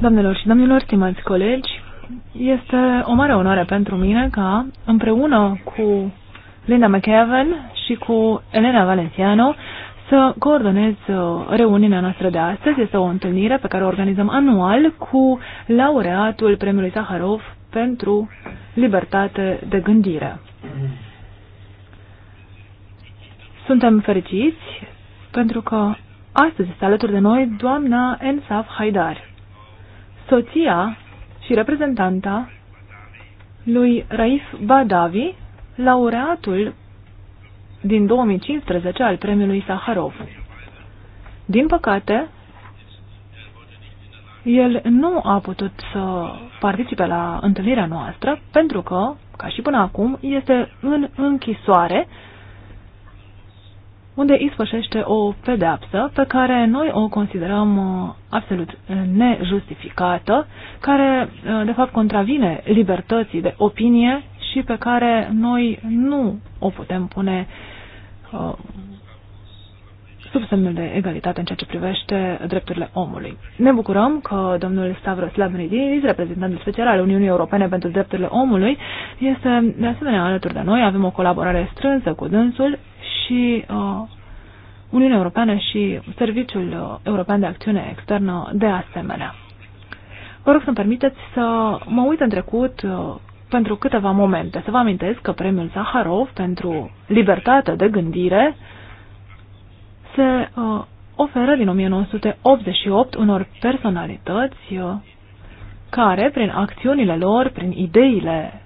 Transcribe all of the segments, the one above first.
Doamnelor și domnilor, stimați colegi, este o mare onoare pentru mine ca, împreună cu Linda McEwen și cu Elena Valenciano, să coordonez uh, reuniunea noastră de astăzi. Este o întâlnire pe care o organizăm anual cu laureatul Premiului Saharov pentru libertate de gândire. Suntem fericiți pentru că Astăzi este alături de noi doamna Ensaf Haidar, soția și reprezentanta lui Raif Badavi, laureatul din 2015 al premiului Saharov. Din păcate, el nu a putut să participe la întâlnirea noastră pentru că, ca și până acum, este în închisoare unde ispășește o pedeapsă pe care noi o considerăm uh, absolut uh, nejustificată, care uh, de fapt contravine libertății de opinie și pe care noi nu o putem pune sub semnul de egalitate în ceea ce privește drepturile omului. Ne bucurăm că domnul Stavros Lambrinidis, reprezentantul special al Uniunii Europene pentru Drepturile Omului, este de asemenea alături de noi. Avem o colaborare strânsă cu dânsul și uh, Uniunea Europeană și Serviciul uh, European de Acțiune Externă de asemenea. Vă rog să-mi permiteți să mă uit în trecut uh, pentru câteva momente. Să vă amintesc că premiul Zaharov pentru libertate de gândire se uh, oferă din 1988 unor personalități uh, care, prin acțiunile lor, prin ideile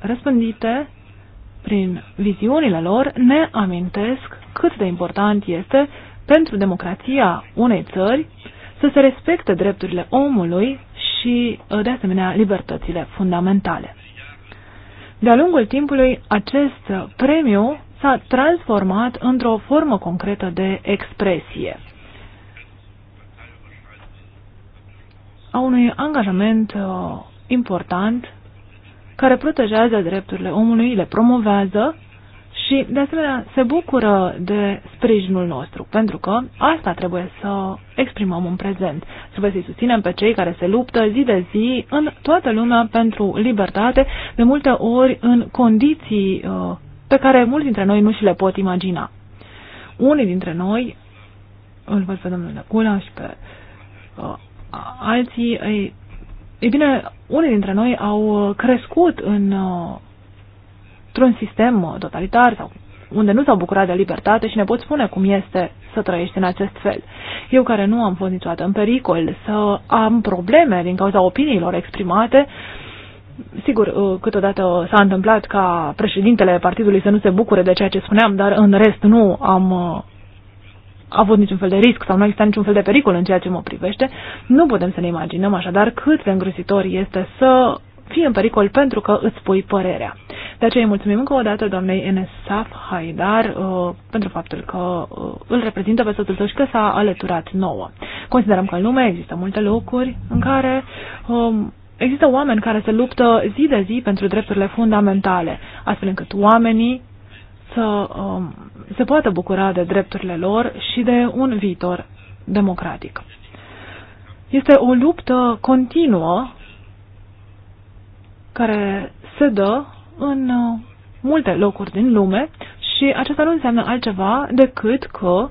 răspândite, prin viziunile lor, ne amintesc cât de important este pentru democrația unei țări să se respecte drepturile omului și, de asemenea, libertățile fundamentale. De-a lungul timpului, acest premiu s-a transformat într-o formă concretă de expresie a unui angajament uh, important care protejează drepturile omului, le promovează și, de asemenea, se bucură de sprijinul nostru, pentru că asta trebuie să exprimăm în prezent. Trebuie să-i susținem pe cei care se luptă zi de zi în toată lumea pentru libertate, de multe ori în condiții uh, pe care mulți dintre noi nu și le pot imagina. Unii dintre noi, îl văd pe domnul Năcula și pe uh, alții, îi ei bine, unii dintre noi au uh, crescut în, uh, într-un sistem uh, totalitar sau unde nu s-au bucurat de libertate și ne pot spune cum este să trăiești în acest fel. Eu care nu am fost niciodată în pericol să am probleme din cauza opiniilor exprimate, sigur, câteodată s-a întâmplat ca președintele partidului să nu se bucure de ceea ce spuneam, dar în rest nu am avut niciun fel de risc sau nu există niciun fel de pericol în ceea ce mă privește, nu putem să ne imaginăm așadar cât de îngrozitor este să fie în pericol pentru că îți pui părerea. De aceea îi mulțumim încă o dată doamnei Enesaf Haidar uh, pentru faptul că uh, îl reprezintă pe soțul său și că s-a alăturat nouă. Considerăm că în lume există multe locuri în care um, există oameni care se luptă zi de zi pentru drepturile fundamentale, astfel încât oamenii să um, se poată bucura de drepturile lor și de un viitor democratic. Este o luptă continuă care se dă în uh, multe locuri din lume și acesta nu înseamnă altceva decât că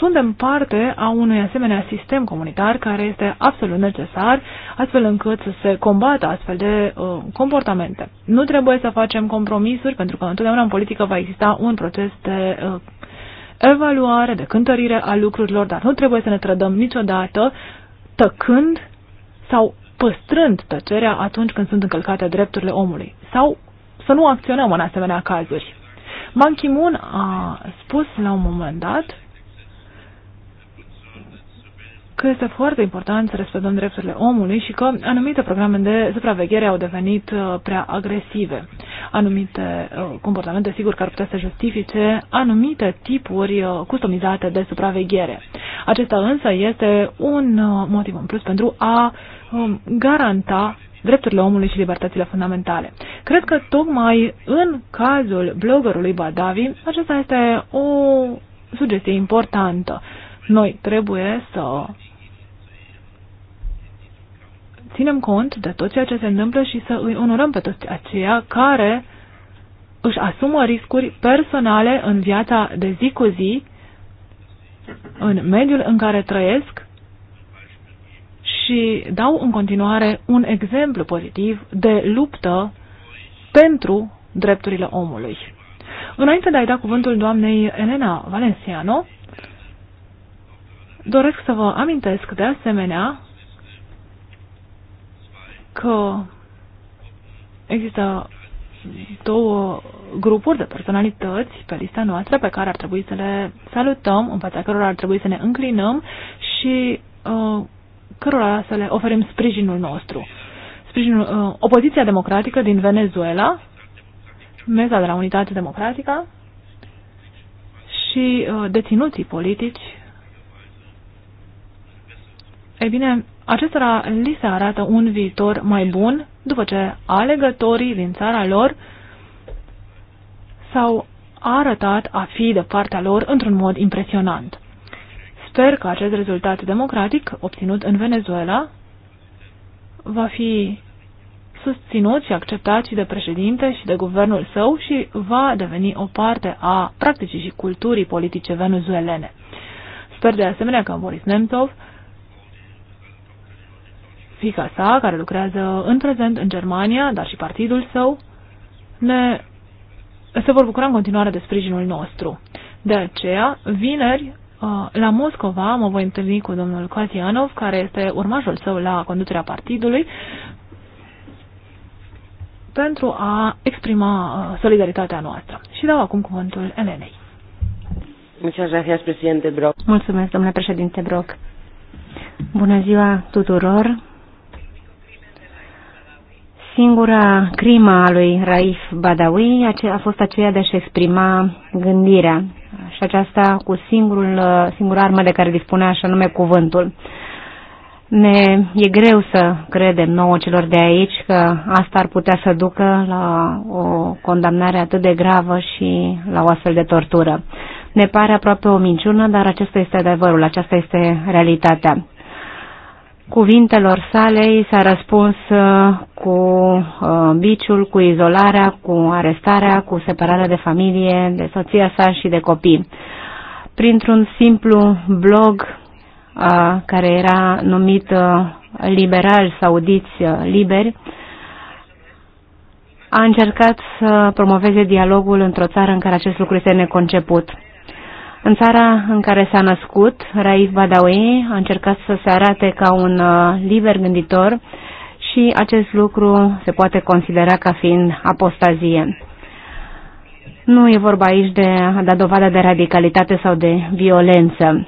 suntem parte a unui asemenea sistem comunitar care este absolut necesar, astfel încât să se combată astfel de uh, comportamente. Nu trebuie să facem compromisuri, pentru că întotdeauna în politică va exista un proces de uh, evaluare, de cântărire a lucrurilor, dar nu trebuie să ne trădăm niciodată tăcând sau păstrând tăcerea atunci când sunt încălcate drepturile omului sau să nu acționăm în asemenea cazuri. Ban Ki-moon a spus la un moment dat că este foarte important să respectăm drepturile omului și că anumite programe de supraveghere au devenit uh, prea agresive. Anumite uh, comportamente, sigur, că ar putea să justifice anumite tipuri uh, customizate de supraveghere. Acesta însă este un motiv în plus pentru a um, garanta drepturile omului și libertățile fundamentale. Cred că tocmai în cazul bloggerului Badavi, acesta este o sugestie importantă. Noi trebuie să ținem cont de tot ceea ce se întâmplă și să îi onorăm pe toți aceia care își asumă riscuri personale în viața de zi cu zi, în mediul în care trăiesc și dau în continuare un exemplu pozitiv de luptă pentru drepturile omului. Înainte de a-i da cuvântul doamnei Elena Valenciano, doresc să vă amintesc de asemenea că există două grupuri de personalități pe lista noastră pe care ar trebui să le salutăm, în fața cărora ar trebui să ne înclinăm și uh, cărora să le oferim sprijinul nostru. Sprijinul, uh, opoziția democratică din Venezuela, meza de la Unitate Democratică și uh, deținuții politici. Ei bine, acestora li se arată un viitor mai bun după ce alegătorii din țara lor s-au arătat a fi de partea lor într-un mod impresionant. Sper că acest rezultat democratic obținut în Venezuela va fi susținut și acceptat și de președinte și de guvernul său și va deveni o parte a practicii și culturii politice venezuelene. Sper de asemenea că Boris Nemtsov fica sa, care lucrează în prezent în Germania, dar și partidul său, ne, se vor bucura în continuare de sprijinul nostru. De aceea, vineri, uh, la Moscova mă voi întâlni cu domnul Kazianov, care este urmașul său la conducerea partidului, pentru a exprima uh, solidaritatea noastră. Și dau acum cuvântul Elenei. Mulțumesc, domnule președinte Brock. Bună ziua tuturor! Singura crimă a lui Raif Badawi a fost aceea de a-și exprima gândirea și aceasta cu singurul, singura armă de care dispunea, așa nume cuvântul. Ne e greu să credem nouă celor de aici că asta ar putea să ducă la o condamnare atât de gravă și la o astfel de tortură. Ne pare aproape o minciună, dar acesta este adevărul, aceasta este realitatea cuvintelor sale i s-a răspuns uh, cu uh, biciul, cu izolarea, cu arestarea, cu separarea de familie, de soția sa și de copii. Printr-un simplu blog uh, care era numit uh, Liberal Saudiți uh, Liberi, a încercat să promoveze dialogul într-o țară în care acest lucru este neconceput. În țara în care s-a născut, Raif Badawi a încercat să se arate ca un uh, liber gânditor și acest lucru se poate considera ca fiind apostazie. Nu e vorba aici de a da dovadă de radicalitate sau de violență.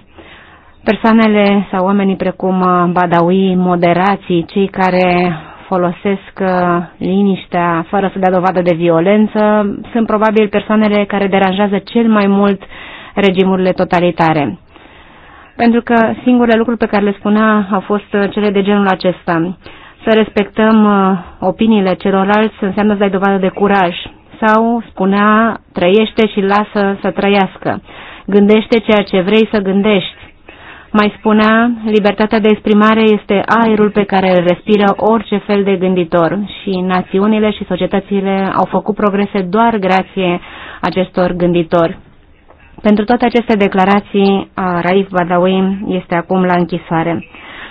Persoanele sau oamenii precum uh, Badawi, moderații, cei care folosesc uh, liniștea fără să dea dovadă de violență, sunt probabil persoanele care deranjează cel mai mult uh, regimurile totalitare. Pentru că singurele lucruri pe care le spunea au fost uh, cele de genul acesta. Să respectăm uh, opiniile celorlalți înseamnă să dai dovadă de curaj. Sau spunea, trăiește și lasă să trăiască. Gândește ceea ce vrei să gândești. Mai spunea, libertatea de exprimare este aerul pe care îl respiră orice fel de gânditor și națiunile și societățile au făcut progrese doar grație acestor gânditori. Pentru toate aceste declarații, Raif Badawi este acum la închisoare.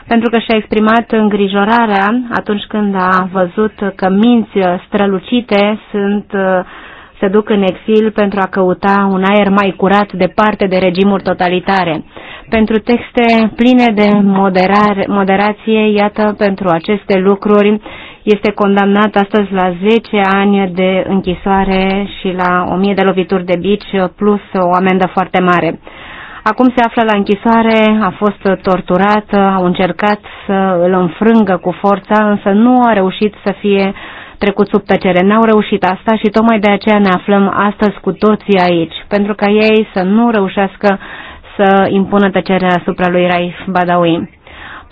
Pentru că și-a exprimat îngrijorarea atunci când a văzut că minți strălucite sunt, se duc în exil pentru a căuta un aer mai curat departe de regimuri totalitare. Pentru texte pline de moderare, moderație, iată, pentru aceste lucruri, este condamnat astăzi la 10 ani de închisoare și la 1000 de lovituri de bici plus o amendă foarte mare. Acum se află la închisoare, a fost torturat, au încercat să îl înfrângă cu forța, însă nu a reușit să fie trecut sub tăcere. N-au reușit asta și tocmai de aceea ne aflăm astăzi cu toții aici, pentru ca ei să nu reușească să impună tăcerea asupra lui Raif Badawi.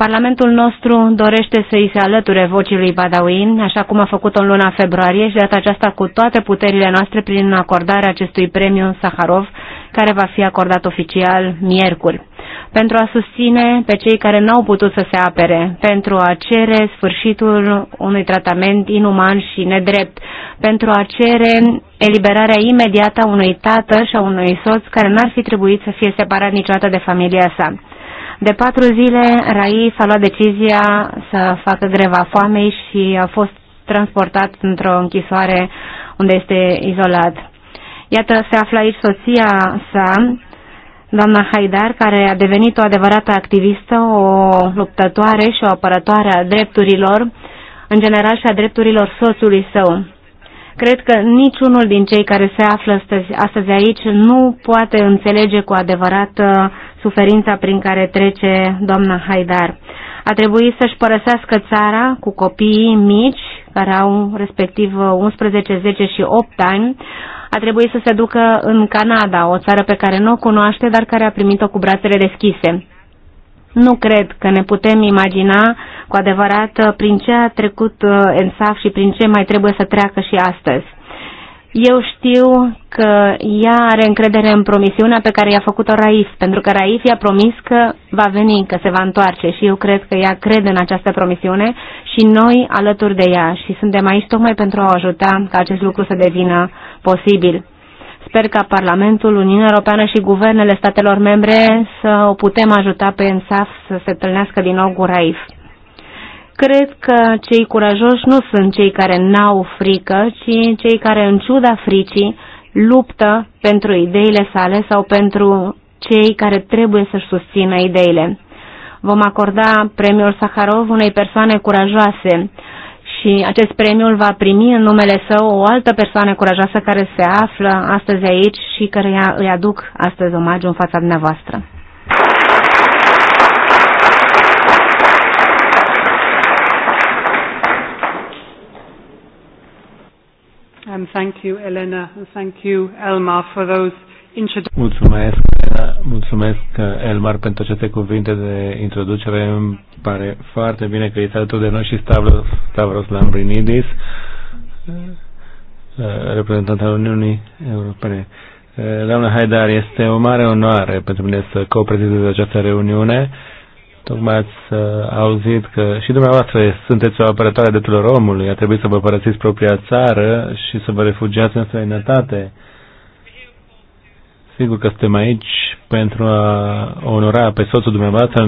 Parlamentul nostru dorește să îi se alăture vocii lui Badawin, așa cum a făcut-o în luna februarie și de aceasta cu toate puterile noastre prin acordarea acestui premiu Saharov, care va fi acordat oficial miercuri. Pentru a susține pe cei care n-au putut să se apere, pentru a cere sfârșitul unui tratament inuman și nedrept, pentru a cere eliberarea imediată a unui tată și a unui soț care n-ar fi trebuit să fie separat niciodată de familia sa de patru zile, Rai s-a luat decizia să facă greva foamei și a fost transportat într-o închisoare unde este izolat. Iată, se află aici soția sa, doamna Haidar, care a devenit o adevărată activistă, o luptătoare și o apărătoare a drepturilor, în general și a drepturilor soțului său. Cred că niciunul din cei care se află astăzi, astăzi aici nu poate înțelege cu adevărat uh, suferința prin care trece doamna Haidar. A trebuit să-și părăsească țara cu copiii mici, care au respectiv 11, 10 și 8 ani, a trebuit să se ducă în Canada, o țară pe care nu o cunoaște, dar care a primit-o cu brațele deschise. Nu cred că ne putem imagina cu adevărat prin ce a trecut uh, ENSAF și prin ce mai trebuie să treacă și astăzi. Eu știu că ea are încredere în promisiunea pe care i-a făcut-o Raif, pentru că Raif i-a promis că va veni, că se va întoarce și eu cred că ea crede în această promisiune și noi alături de ea și suntem aici tocmai pentru a o ajuta ca acest lucru să devină posibil. Sper ca Parlamentul, Uniunea Europeană și guvernele statelor membre să o putem ajuta pe ENSAF să se întâlnească din nou cu Raif. Cred că cei curajoși nu sunt cei care n-au frică, ci cei care, în ciuda fricii, luptă pentru ideile sale sau pentru cei care trebuie să-și susțină ideile. Vom acorda premiul Saharov unei persoane curajoase și acest premiu îl va primi în numele său o altă persoană curajoasă care se află astăzi aici și care îi aduc astăzi omagiu în fața dumneavoastră. thank you, Elena, and thank you, Elmar, for those Mulțumesc, mulțumesc Elmar pentru aceste cuvinte de introducere. Îmi pare foarte bine că este alături de noi și Stavros, Stavros Lambrinidis, reprezentant al Uniunii Europene. Doamna Haidar, este o mare onoare pentru mine să coprezidez această reuniune Tocmai ați uh, auzit că și dumneavoastră sunteți o apărătoare de tuturor omului, a trebuit să vă părăsiți propria țară și să vă refugiați în străinătate. Sigur că suntem aici pentru a onora pe soțul dumneavoastră.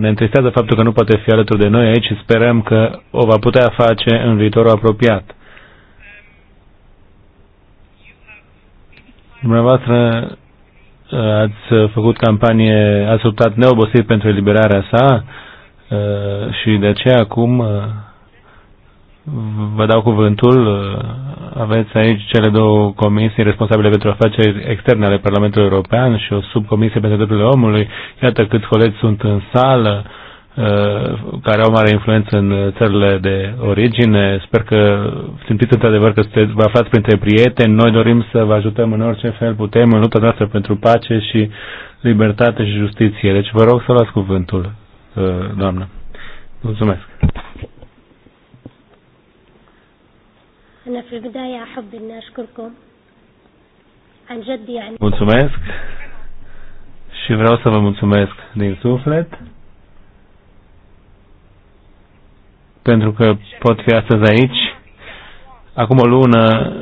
Ne întristează faptul că nu poate fi alături de noi aici și sperăm că o va putea face în viitorul apropiat. Dumneavoastră ați făcut campanie, ați luptat neobosit pentru eliberarea sa uh, și de aceea acum uh, vă dau cuvântul. Uh, aveți aici cele două comisii responsabile pentru afaceri externe ale Parlamentului European și o subcomisie pentru drepturile omului. Iată câți colegi sunt în sală Uh, care au mare influență în țările de origine. Sper că simțiți într-adevăr că sunteți, vă aflați printre prieteni. Noi dorim să vă ajutăm în orice fel putem în lupta noastră pentru pace și libertate și justiție. Deci vă rog să luați cuvântul, uh, doamnă. Mulțumesc. mulțumesc și vreau să vă mulțumesc din suflet pentru că pot fi astăzi aici. Acum o lună,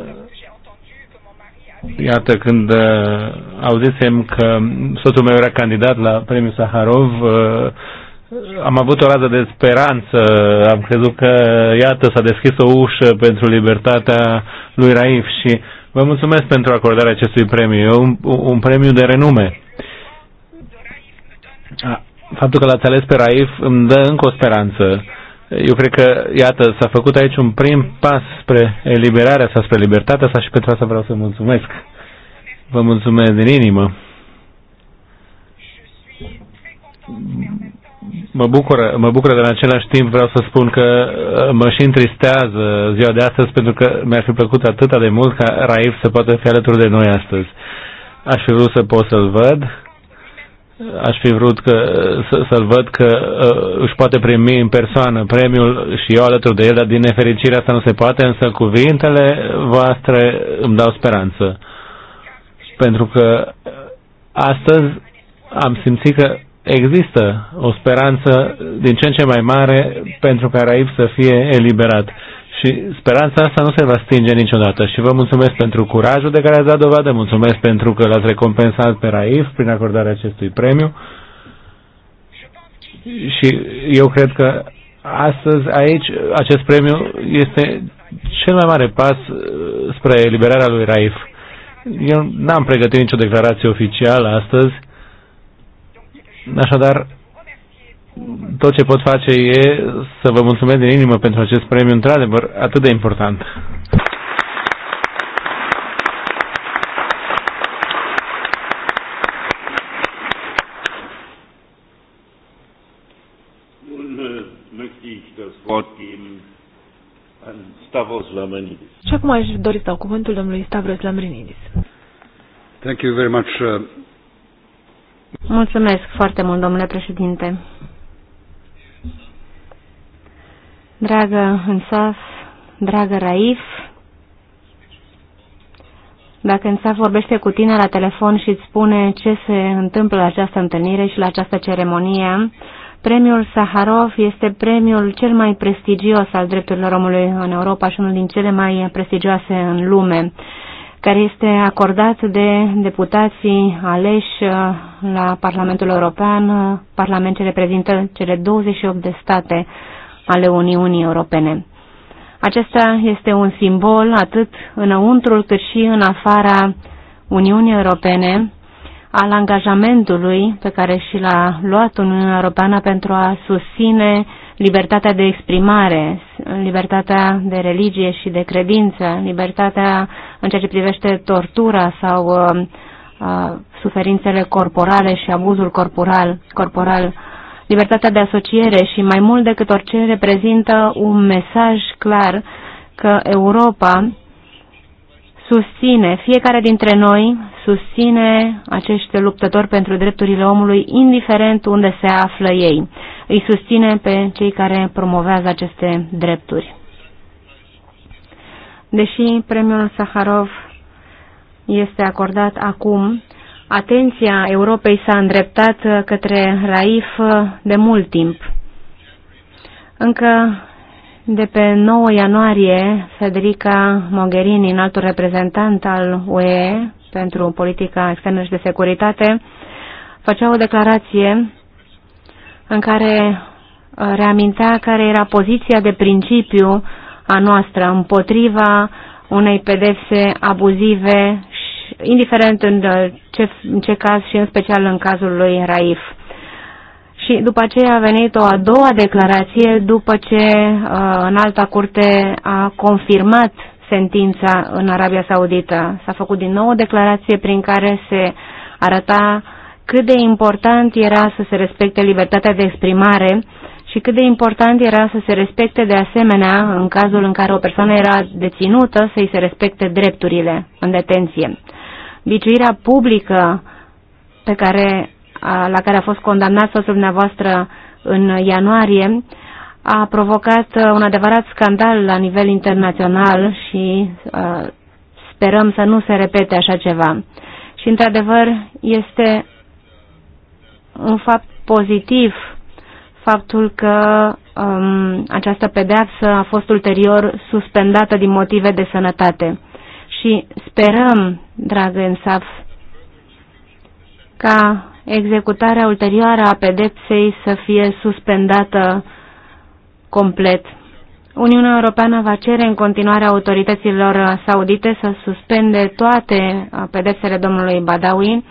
iată, când uh, auzisem că soțul meu era candidat la premiul Saharov, uh, am avut o rază de speranță, am crezut că, iată, s-a deschis o ușă pentru libertatea lui Raif și vă mulțumesc pentru acordarea acestui premiu. E un, un premiu de renume. Faptul că l-ați ales pe Raif îmi dă încă o speranță eu cred că, iată, s-a făcut aici un prim pas spre eliberarea sa, spre libertatea sa și pentru asta vreau să mulțumesc. Vă mulțumesc din inimă. Mă bucură, mă bucură, dar în același timp vreau să spun că uh, mă și întristează ziua de astăzi pentru că mi-ar fi plăcut atât de mult ca Raif să poată fi alături de noi astăzi. Aș fi vrut să pot să-l văd aș fi vrut că, să, să-l văd că uh, își poate primi în persoană premiul și eu alături de el, dar din nefericire asta nu se poate, însă cuvintele voastre îmi dau speranță. Pentru că astăzi am simțit că există o speranță din ce în ce mai mare pentru ca Raif să fie eliberat. Și speranța asta nu se va stinge niciodată. Și vă mulțumesc pentru curajul de care ați dat dovadă, mulțumesc pentru că l-ați recompensat pe Raif prin acordarea acestui premiu. Și eu cred că astăzi aici acest premiu este cel mai mare pas uh, spre eliberarea lui Raif. Eu n-am pregătit nicio declarație oficială astăzi, așadar tot ce pot face e să vă mulțumesc din inimă pentru acest premiu, într-adevăr, atât de important. Äh, Și acum aș dori să dau cuvântul domnului Stavros Lambrinidis. Thank you very much. Uh, mulțumesc foarte mult, domnule președinte. Dragă Însaf, dragă Raif, dacă Însaf vorbește cu tine la telefon și îți spune ce se întâmplă la această întâlnire și la această ceremonie, premiul Saharov este premiul cel mai prestigios al drepturilor omului în Europa și unul din cele mai prestigioase în lume care este acordat de deputații aleși la Parlamentul European, parlament ce reprezintă cele 28 de state ale Uniunii Europene. Acesta este un simbol atât înăuntrul cât și în afara Uniunii Europene al angajamentului pe care și l-a luat Uniunea Europeană pentru a susține libertatea de exprimare, libertatea de religie și de credință, libertatea în ceea ce privește tortura sau uh, uh, suferințele corporale și abuzul corporal, corporal Libertatea de asociere și mai mult decât orice reprezintă un mesaj clar că Europa susține, fiecare dintre noi susține acești luptători pentru drepturile omului, indiferent unde se află ei. Îi susține pe cei care promovează aceste drepturi. Deși premiul Saharov este acordat acum, atenția Europei s-a îndreptat uh, către Raif uh, de mult timp. Încă de pe 9 ianuarie, Federica Mogherini, înaltul reprezentant al UE pentru politica externă și de securitate, făcea o declarație în care uh, reamintea care era poziția de principiu a noastră împotriva unei pedepse abuzive indiferent în uh, ce, în ce caz și în special în cazul lui Raif. Și după aceea a venit o a doua declarație după ce uh, în alta curte a confirmat sentința în Arabia Saudită. S-a făcut din nou o declarație prin care se arăta cât de important era să se respecte libertatea de exprimare uh, și cât de important era să se respecte de asemenea, în cazul în care o persoană era deținută, să-i se respecte drepturile în detenție. Biciuirea publică pe care, la care a fost condamnat soțul dumneavoastră în ianuarie a provocat uh, un adevărat scandal la nivel internațional și uh, sperăm să nu se repete așa ceva. Și, într-adevăr, este un fapt pozitiv faptul că um, această pedeapsă a fost ulterior suspendată din motive de sănătate. Și sperăm, dragă Ensaf, ca executarea ulterioară a pedepsei să fie suspendată complet. Uniunea Europeană va cere în continuare autorităților saudite să suspende toate pedepsele domnului Badawi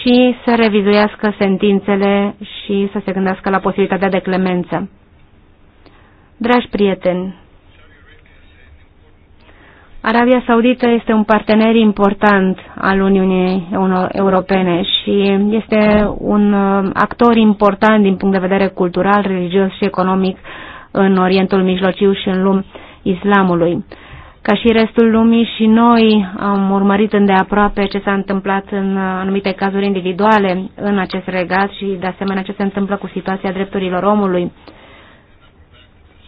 și să revizuiască sentințele și să se gândească la posibilitatea de clemență. Dragi prieteni, Arabia Saudită este un partener important al Uniunii Europene și este un uh, actor important din punct de vedere cultural, religios și economic în Orientul Mijlociu și în lumea islamului. Ca și restul lumii și noi am urmărit îndeaproape ce s-a întâmplat în uh, anumite cazuri individuale în acest regat și de asemenea ce se întâmplă cu situația drepturilor omului.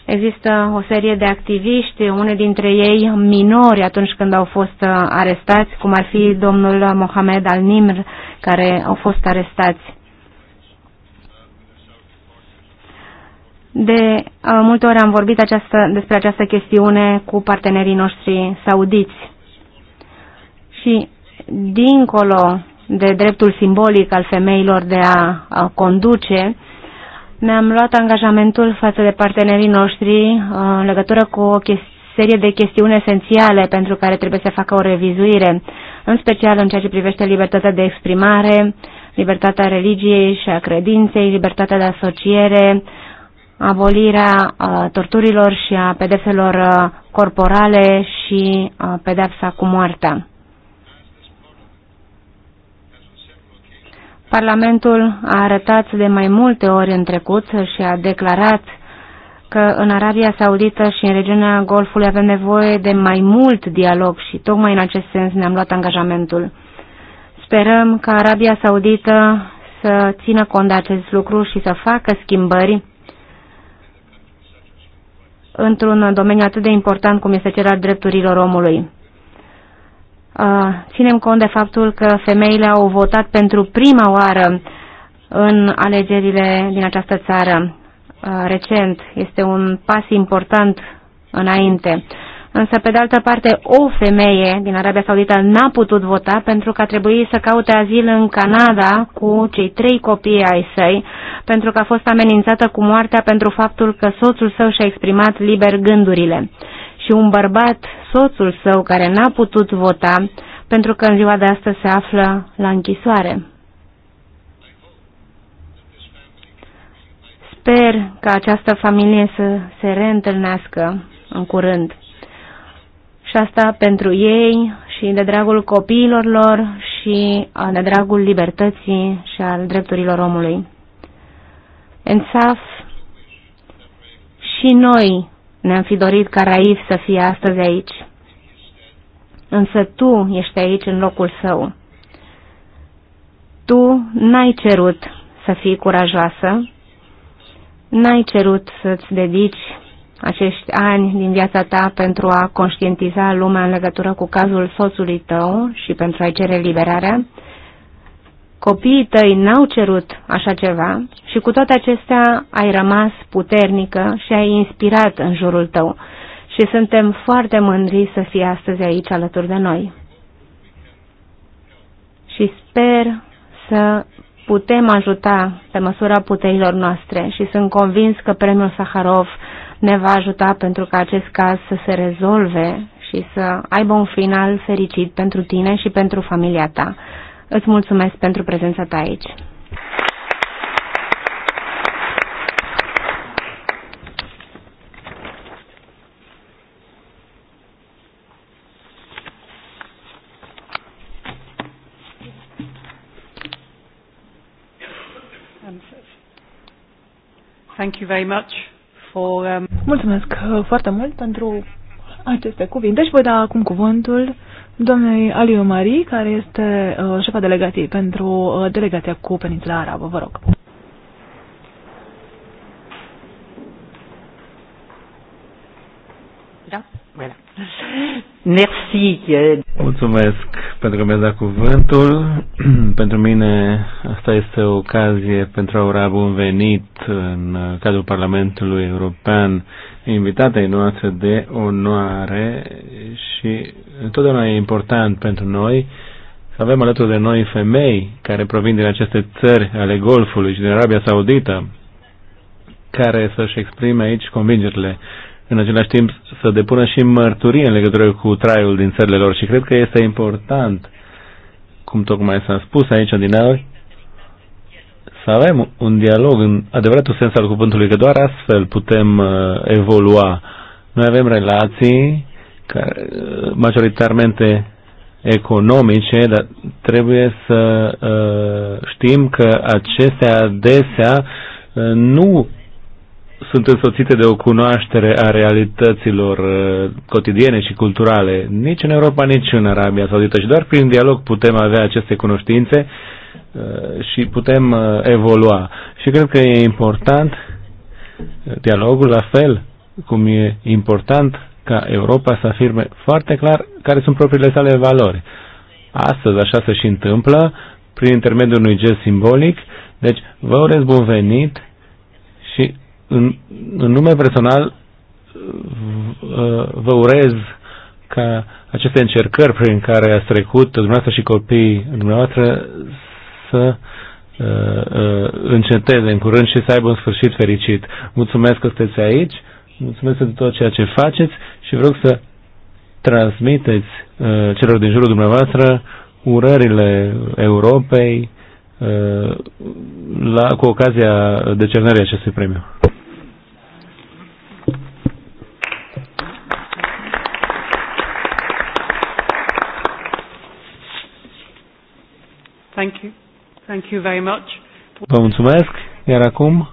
Există o serie de activiști, unele dintre ei minori atunci când au fost uh, arestați, cum ar fi domnul Mohamed Al-Nimr, care au fost arestați. De uh, multe ori am vorbit această, despre această chestiune cu partenerii noștri saudiți. Și dincolo de dreptul simbolic al femeilor de a, a conduce, ne-am luat angajamentul față de partenerii noștri uh, în legătură cu o serie de chestiuni esențiale pentru care trebuie să facă o revizuire, în special în ceea ce privește libertatea de exprimare, libertatea religiei și a credinței, libertatea de asociere, abolirea uh, torturilor și a pedepselor uh, corporale și uh, pedepsa cu moartea. Parlamentul a arătat de mai multe ori în trecut și a declarat că în Arabia Saudită și în regiunea Golfului avem nevoie de mai mult dialog și tocmai în acest sens ne-am luat angajamentul. Sperăm ca Arabia Saudită să țină cont de acest lucru și să facă schimbări într-un domeniu atât de important cum este cel al drepturilor omului. Ținem cont de faptul că femeile au votat pentru prima oară în alegerile din această țară recent. Este un pas important înainte. Însă, pe de altă parte, o femeie din Arabia Saudită n-a putut vota pentru că a trebuit să caute azil în Canada cu cei trei copii ai săi, pentru că a fost amenințată cu moartea pentru faptul că soțul său și-a exprimat liber gândurile. Și un bărbat, soțul său, care n-a putut vota, pentru că în ziua de astăzi se află la închisoare. Sper că această familie să se reîntâlnească în curând și asta pentru ei și de dragul copiilor lor și de dragul libertății și al drepturilor omului. Ensaf, și noi ne-am fi dorit ca Raif să fie astăzi aici. Însă tu ești aici în locul său. Tu n-ai cerut să fii curajoasă, n-ai cerut să-ți dedici acești ani din viața ta pentru a conștientiza lumea în legătură cu cazul soțului tău și pentru a-i cere liberarea. Copiii tăi n-au cerut așa ceva și cu toate acestea ai rămas puternică și ai inspirat în jurul tău și suntem foarte mândri să fii astăzi aici alături de noi. Și sper să putem ajuta pe măsura puterilor noastre și sunt convins că premiul Saharov ne va ajuta pentru ca acest caz să se rezolve și să aibă un final fericit pentru tine și pentru familia ta. Îți mulțumesc pentru prezența ta aici. Thank you very much for... Mulțumesc uh, foarte mult pentru aceste cuvinte și voi da acum cuvântul doamnei Aliu Marie, care este uh, șefa delegației pentru uh, delegația cu Peninsula Arabă. Vă rog. Merci. Mulțumesc pentru că mi-ați dat cuvântul. pentru mine asta este o ocazie pentru a ura bun venit în cadrul Parlamentului European invitatei noastre de onoare și întotdeauna e important pentru noi să avem alături de noi femei care provin din aceste țări ale Golfului și din Arabia Saudită care să-și exprime aici convingerile în același timp să depună și mărturie în legătură cu traiul din țările lor și cred că este important, cum tocmai s-a spus aici din aur, să avem un dialog în adevăratul sens al cuvântului, că doar astfel putem uh, evolua. Noi avem relații care, uh, majoritarmente economice, dar trebuie să uh, știm că acestea adesea uh, nu sunt însoțite de o cunoaștere a realităților uh, cotidiene și culturale, nici în Europa, nici în Arabia Saudită. Și doar prin dialog putem avea aceste cunoștințe uh, și putem uh, evolua. Și cred că e important dialogul la fel cum e important ca Europa să afirme foarte clar care sunt propriile sale valori. Astăzi așa se și întâmplă prin intermediul unui gest simbolic. Deci vă urez bun venit și în, în nume personal uh, vă urez ca aceste încercări prin care ați trecut dumneavoastră și copiii dumneavoastră să uh, uh, înceteze în curând și să aibă un sfârșit fericit. Mulțumesc că sunteți aici, mulțumesc pentru tot ceea ce faceți și vreau să transmiteți uh, celor din jurul dumneavoastră urările Europei uh, la, cu ocazia decernării acestui premiu. Thank you. Thank you very much. Vă mulțumesc. Iar acum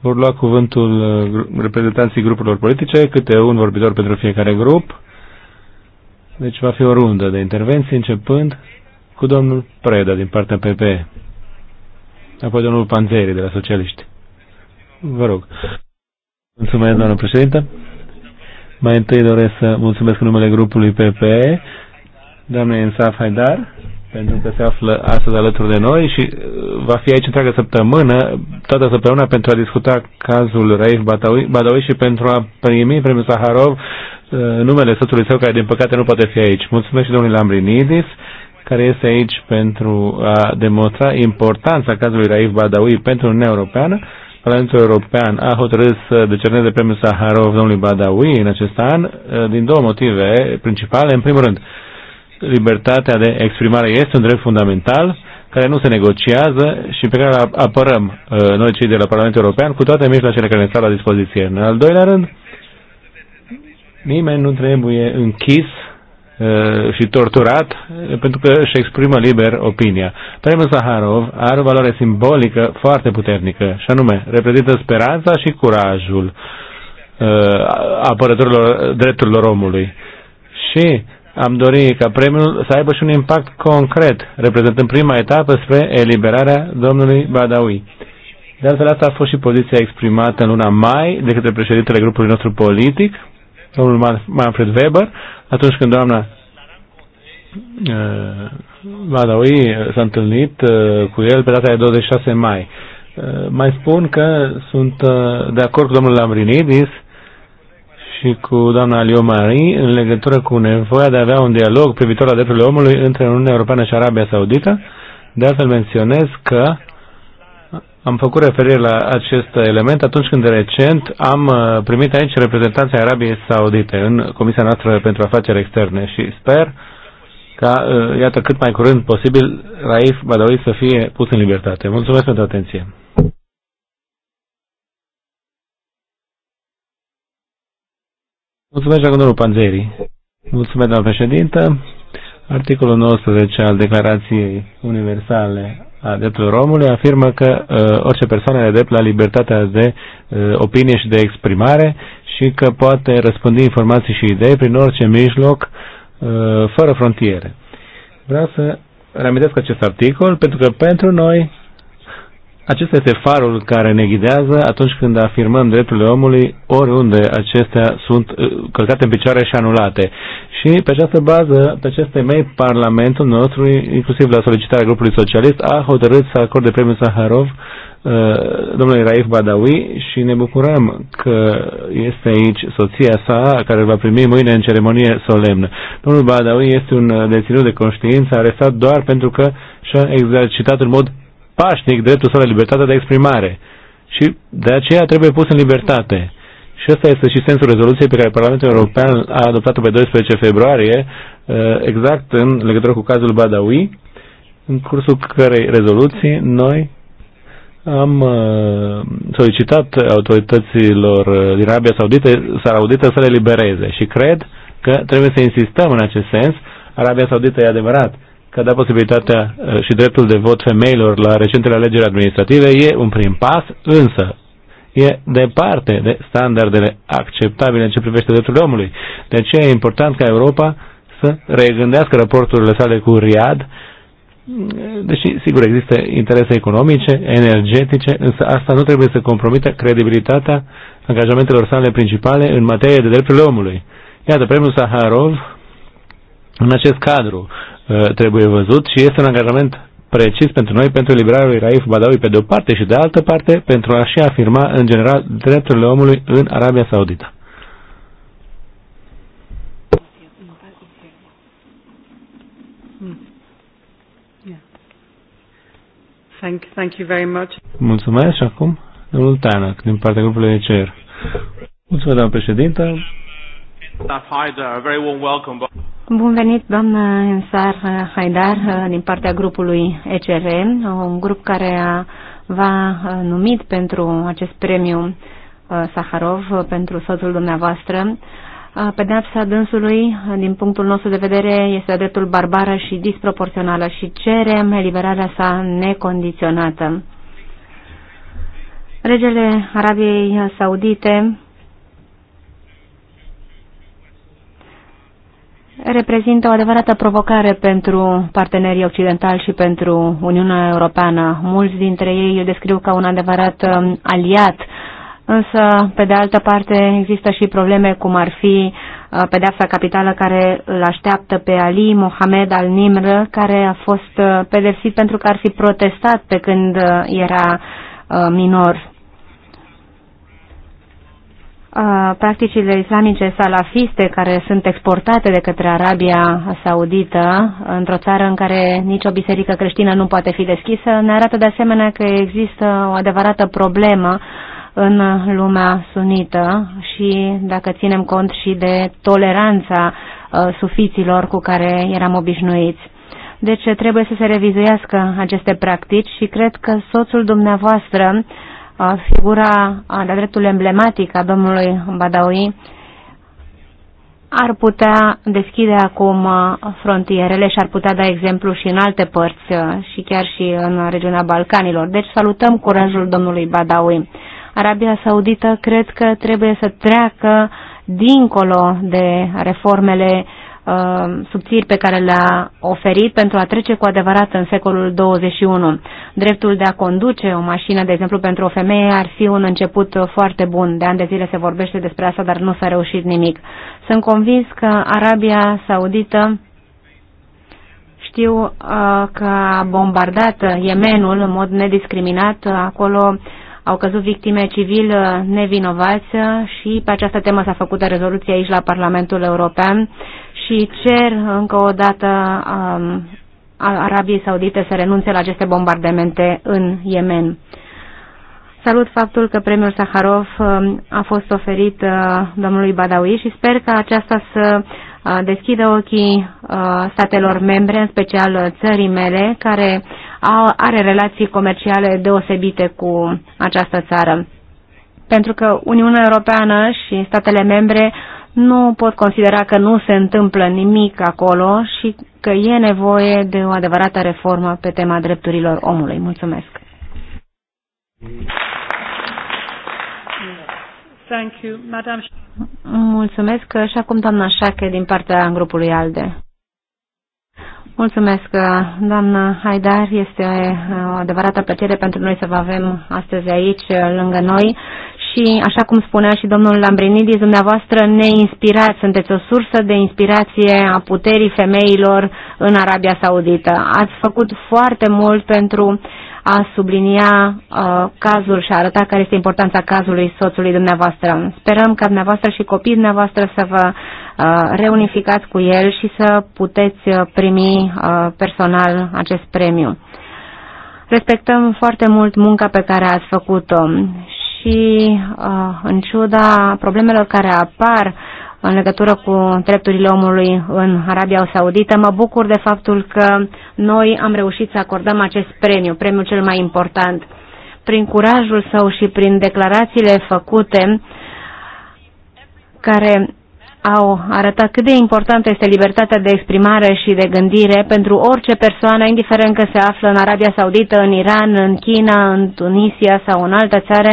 vor lua cuvântul uh, reprezentanții grupurilor politice, câte un vorbitor pentru fiecare grup. Deci va fi o rundă de intervenții, începând cu domnul Preda din partea PP, apoi domnul Panzeri de la Socialiști. Vă rog. Mulțumesc, doamnă președintă. Mai întâi doresc să mulțumesc în numele grupului PP doamnei Ensaf Haidar pentru că se află astăzi alături de noi și uh, va fi aici întreaga săptămână, toată săptămâna, pentru a discuta cazul Raif Badawi, Badawi și pentru a primi premiul Saharov uh, numele soțului său, care din păcate nu poate fi aici. Mulțumesc și domnului Lambrinidis, care este aici pentru a demonstra importanța cazului Raif Badawi pentru Uniunea Europeană. Parlamentul European a hotărât să decerneze premiul Saharov domnului Badawi în acest an uh, din două motive principale. În primul rând, libertatea de exprimare este un drept fundamental care nu se negociază și pe care apărăm uh, noi cei de la Parlamentul European cu toate mijloacele care ne stau la dispoziție. În al doilea rând, nimeni nu trebuie închis uh, și torturat uh, pentru că își exprimă liber opinia. Premiul Saharov are o valoare simbolică foarte puternică și anume reprezintă speranța și curajul apărătorilor drepturilor omului. Și am dori ca premiul să aibă și un impact concret, reprezentând prima etapă spre eliberarea domnului Badawi. De altfel, asta a fost și poziția exprimată în luna mai de către președintele grupului nostru politic, domnul Manfred Weber, atunci când doamna uh, Badawi s-a întâlnit uh, cu el pe data de 26 mai. Uh, mai spun că sunt uh, de acord cu domnul Lambrinidis uh, și cu doamna Lio Marie în legătură cu nevoia de a avea un dialog privitor la drepturile omului între Uniunea Europeană și Arabia Saudită. De altfel menționez că am făcut referire la acest element atunci când recent am uh, primit aici reprezentanții Arabiei Saudite în Comisia noastră pentru afaceri externe și sper ca, uh, iată, cât mai curând posibil, Raif Badawi să fie pus în libertate. Mulțumesc pentru atenție. Mulțumesc, domnul Panzeri. Mulțumesc, doamnă președintă. Articolul 19 al Declarației Universale a Drepturilor Omului afirmă că uh, orice persoană are drept la libertatea de uh, opinie și de exprimare și că poate răspândi informații și idei prin orice mijloc, uh, fără frontiere. Vreau să reamintesc acest articol pentru că pentru noi acesta este farul care ne ghidează atunci când afirmăm drepturile omului oriunde acestea sunt uh, călcate în picioare și anulate. Și pe această bază, pe aceste mei, Parlamentul nostru, inclusiv la solicitarea grupului socialist, a hotărât să acorde premiul Saharov uh, domnului Raif Badawi și ne bucurăm că este aici soția sa care va primi mâine în ceremonie solemnă. Domnul Badawi este un deținut de conștiință arestat doar pentru că și-a exercitat în mod pașnic dreptul său la libertatea de exprimare. Și de aceea trebuie pus în libertate. Și ăsta este și sensul rezoluției pe care Parlamentul European a adoptat-o pe 12 februarie, eh, exact în legătură cu cazul Badawi, în cursul cărei rezoluții noi am eh, solicitat autorităților eh, din Arabia Saudită, Saudită să le libereze și cred că trebuie să insistăm în acest sens. Arabia Saudită e adevărat, că a da posibilitatea uh, și dreptul de vot femeilor la recentele alegeri administrative e un prim pas, însă e departe de standardele acceptabile în ce privește drepturile omului. De aceea e important ca Europa să regândească raporturile sale cu Riad, deși, sigur, există interese economice, energetice, însă asta nu trebuie să compromită credibilitatea angajamentelor sale principale în materie de drepturile omului. Iată, premiul Saharov, în acest cadru, Uh, trebuie văzut și este un angajament precis pentru noi pentru eliberarea lui Raif Badawi pe de o parte și de altă parte pentru a și afirma în general drepturile omului în Arabia Saudită. Thank, thank you very much. Mulțumesc și acum domnul Tanak din partea grupului ECR. Er. Mulțumesc, doamnă președintă. Bun venit, doamnă Ensar Haidar, din partea grupului ECR, un grup care a, v-a uh, numit pentru acest premiu uh, Saharov, uh, pentru soțul dumneavoastră. Pedeapsa dânsului, din punctul nostru de vedere, este dreptul barbară și disproporțională și cerem eliberarea sa necondiționată. Regele Arabiei Saudite reprezintă o adevărată provocare pentru partenerii occidentali și pentru Uniunea Europeană. Mulți dintre ei îl descriu ca un adevărat um, aliat, însă, pe de altă parte, există și probleme cum ar fi uh, pedeapsa capitală care îl așteaptă pe Ali Mohamed al-Nimr, care a fost uh, pedepsit pentru că ar fi protestat pe când uh, era minor practicile islamice salafiste care sunt exportate de către Arabia Saudită, într-o țară în care nicio biserică creștină nu poate fi deschisă, ne arată de asemenea că există o adevărată problemă în lumea sunită și dacă ținem cont și de toleranța sufiților cu care eram obișnuiți. Deci trebuie să se revizuiască aceste practici și cred că soțul dumneavoastră uh, figura de dreptul emblematic a domnului Badawi ar putea deschide acum frontierele și ar putea da exemplu și în alte părți și chiar și în regiunea Balcanilor. Deci salutăm curajul domnului Badawi. Arabia Saudită cred că trebuie să treacă dincolo de reformele uh, Uh, subțiri pe care le-a oferit pentru a trece cu adevărat în secolul 21. Dreptul de a conduce o mașină, de exemplu, pentru o femeie ar fi un început foarte bun. De ani de zile se vorbește despre asta, dar nu s-a reușit nimic. Sunt convins că Arabia Saudită știu uh, că a bombardat Yemenul în mod nediscriminat. Acolo au căzut victime civile uh, nevinovați uh, și pe această temă s-a făcut o rezoluție aici la Parlamentul European și cer încă o dată um, Arabiei Saudite să renunțe la aceste bombardamente în Yemen. Salut faptul că premiul Saharov um, a fost oferit uh, domnului Badawi și sper că aceasta să uh, deschidă ochii uh, statelor membre, în special țării mele, care are relații comerciale deosebite cu această țară. Pentru că Uniunea Europeană și statele membre nu pot considera că nu se întâmplă nimic acolo și că e nevoie de o adevărată reformă pe tema drepturilor omului. Mulțumesc! Thank you, Madam. Mulțumesc și acum doamna Șache din partea grupului ALDE. Mulțumesc, doamna Haidar. Este o adevărată plăcere pentru noi să vă avem astăzi aici lângă noi și, așa cum spunea și domnul Lambrinidis, dumneavoastră ne inspirați, sunteți o sursă de inspirație a puterii femeilor în Arabia Saudită. Ați făcut foarte mult pentru a sublinia uh, cazul și a arăta care este importanța cazului soțului dumneavoastră. Sperăm ca dumneavoastră și copiii dumneavoastră să vă uh, reunificați cu el și să puteți uh, primi uh, personal acest premiu. Respectăm foarte mult munca pe care ați făcut-o și uh, în ciuda problemelor care apar în legătură cu drepturile omului în Arabia Saudită. Mă bucur de faptul că noi am reușit să acordăm acest premiu, premiul cel mai important. Prin curajul său și prin declarațiile făcute care au arătat cât de importantă este libertatea de exprimare și de gândire pentru orice persoană, indiferent că se află în Arabia Saudită, în Iran, în China, în Tunisia sau în altă țară,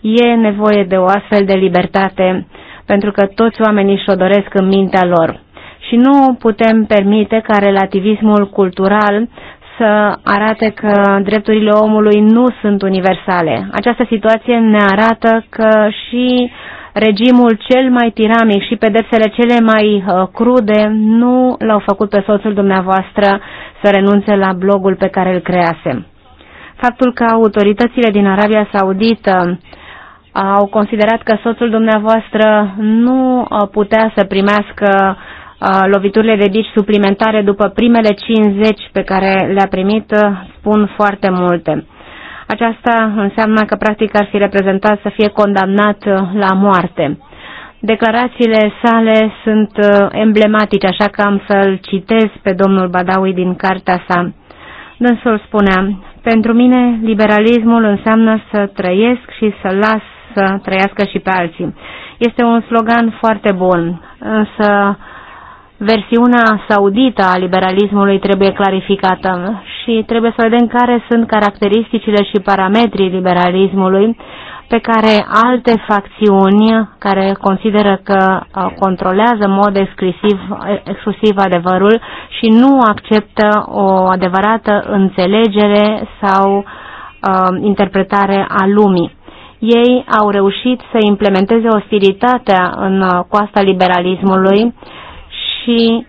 e nevoie de o astfel de libertate, pentru că toți oamenii și-o doresc în mintea lor. Și nu putem permite ca relativismul cultural să arate că drepturile omului nu sunt universale. Această situație ne arată că și regimul cel mai tiranic și pedepsele cele mai uh, crude nu l-au făcut pe soțul dumneavoastră să renunțe la blogul pe care îl crease. Faptul că autoritățile din Arabia Saudită au considerat că soțul dumneavoastră nu uh, putea să primească uh, loviturile de bici suplimentare după primele 50 pe care le-a primit uh, spun foarte multe. Aceasta înseamnă că practic ar fi reprezentat să fie condamnat la moarte. Declarațiile sale sunt emblematice, așa că am să-l citez pe domnul Badawi din cartea sa. Dânsul spunea, pentru mine liberalismul înseamnă să trăiesc și să las să trăiască și pe alții. Este un slogan foarte bun, însă versiunea saudită a liberalismului trebuie clarificată și trebuie să vedem care sunt caracteristicile și parametrii liberalismului pe care alte facțiuni care consideră că uh, controlează în mod exclusiv, exclusiv adevărul și nu acceptă o adevărată înțelegere sau uh, interpretare a lumii. Ei au reușit să implementeze ostilitatea în coasta liberalismului și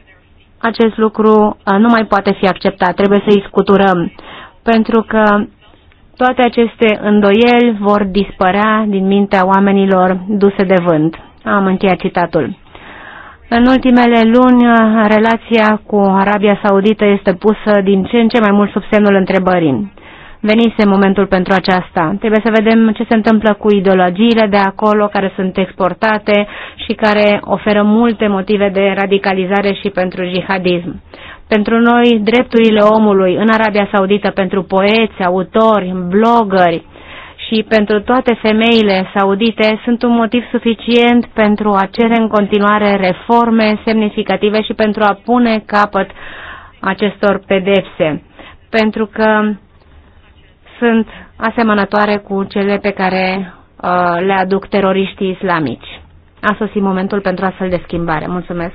acest lucru uh, nu mai poate fi acceptat. Trebuie să-i scuturăm, pentru că toate aceste îndoieli vor dispărea din mintea oamenilor duse de vânt. Am încheiat citatul. În ultimele luni, uh, relația cu Arabia Saudită este pusă din ce în ce mai mult sub semnul întrebării venise momentul pentru aceasta. Trebuie să vedem ce se întâmplă cu ideologiile de acolo care sunt exportate și care oferă multe motive de radicalizare și pentru jihadism. Pentru noi, drepturile omului în Arabia Saudită pentru poeți, autori, blogări și pentru toate femeile saudite sunt un motiv suficient pentru a cere în continuare reforme semnificative și pentru a pune capăt acestor pedepse. Pentru că sunt asemănătoare cu cele pe care uh, le aduc teroriștii islamici. A sosit momentul pentru astfel de schimbare. Mulțumesc.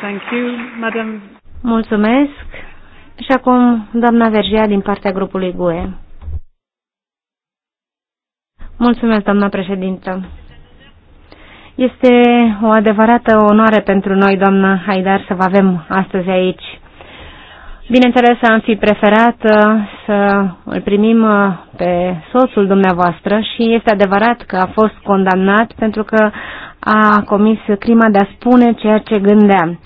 Thank you, madam. Mulțumesc. Și acum doamna Vergea din partea grupului GUE. Mulțumesc, doamna președintă. Este o adevărată onoare pentru noi, doamna Haidar, să vă avem astăzi aici. Bineînțeles, am fi preferat uh, să îl primim uh, pe soțul dumneavoastră și este adevărat că a fost condamnat pentru că a comis crima de a spune ceea ce gândea.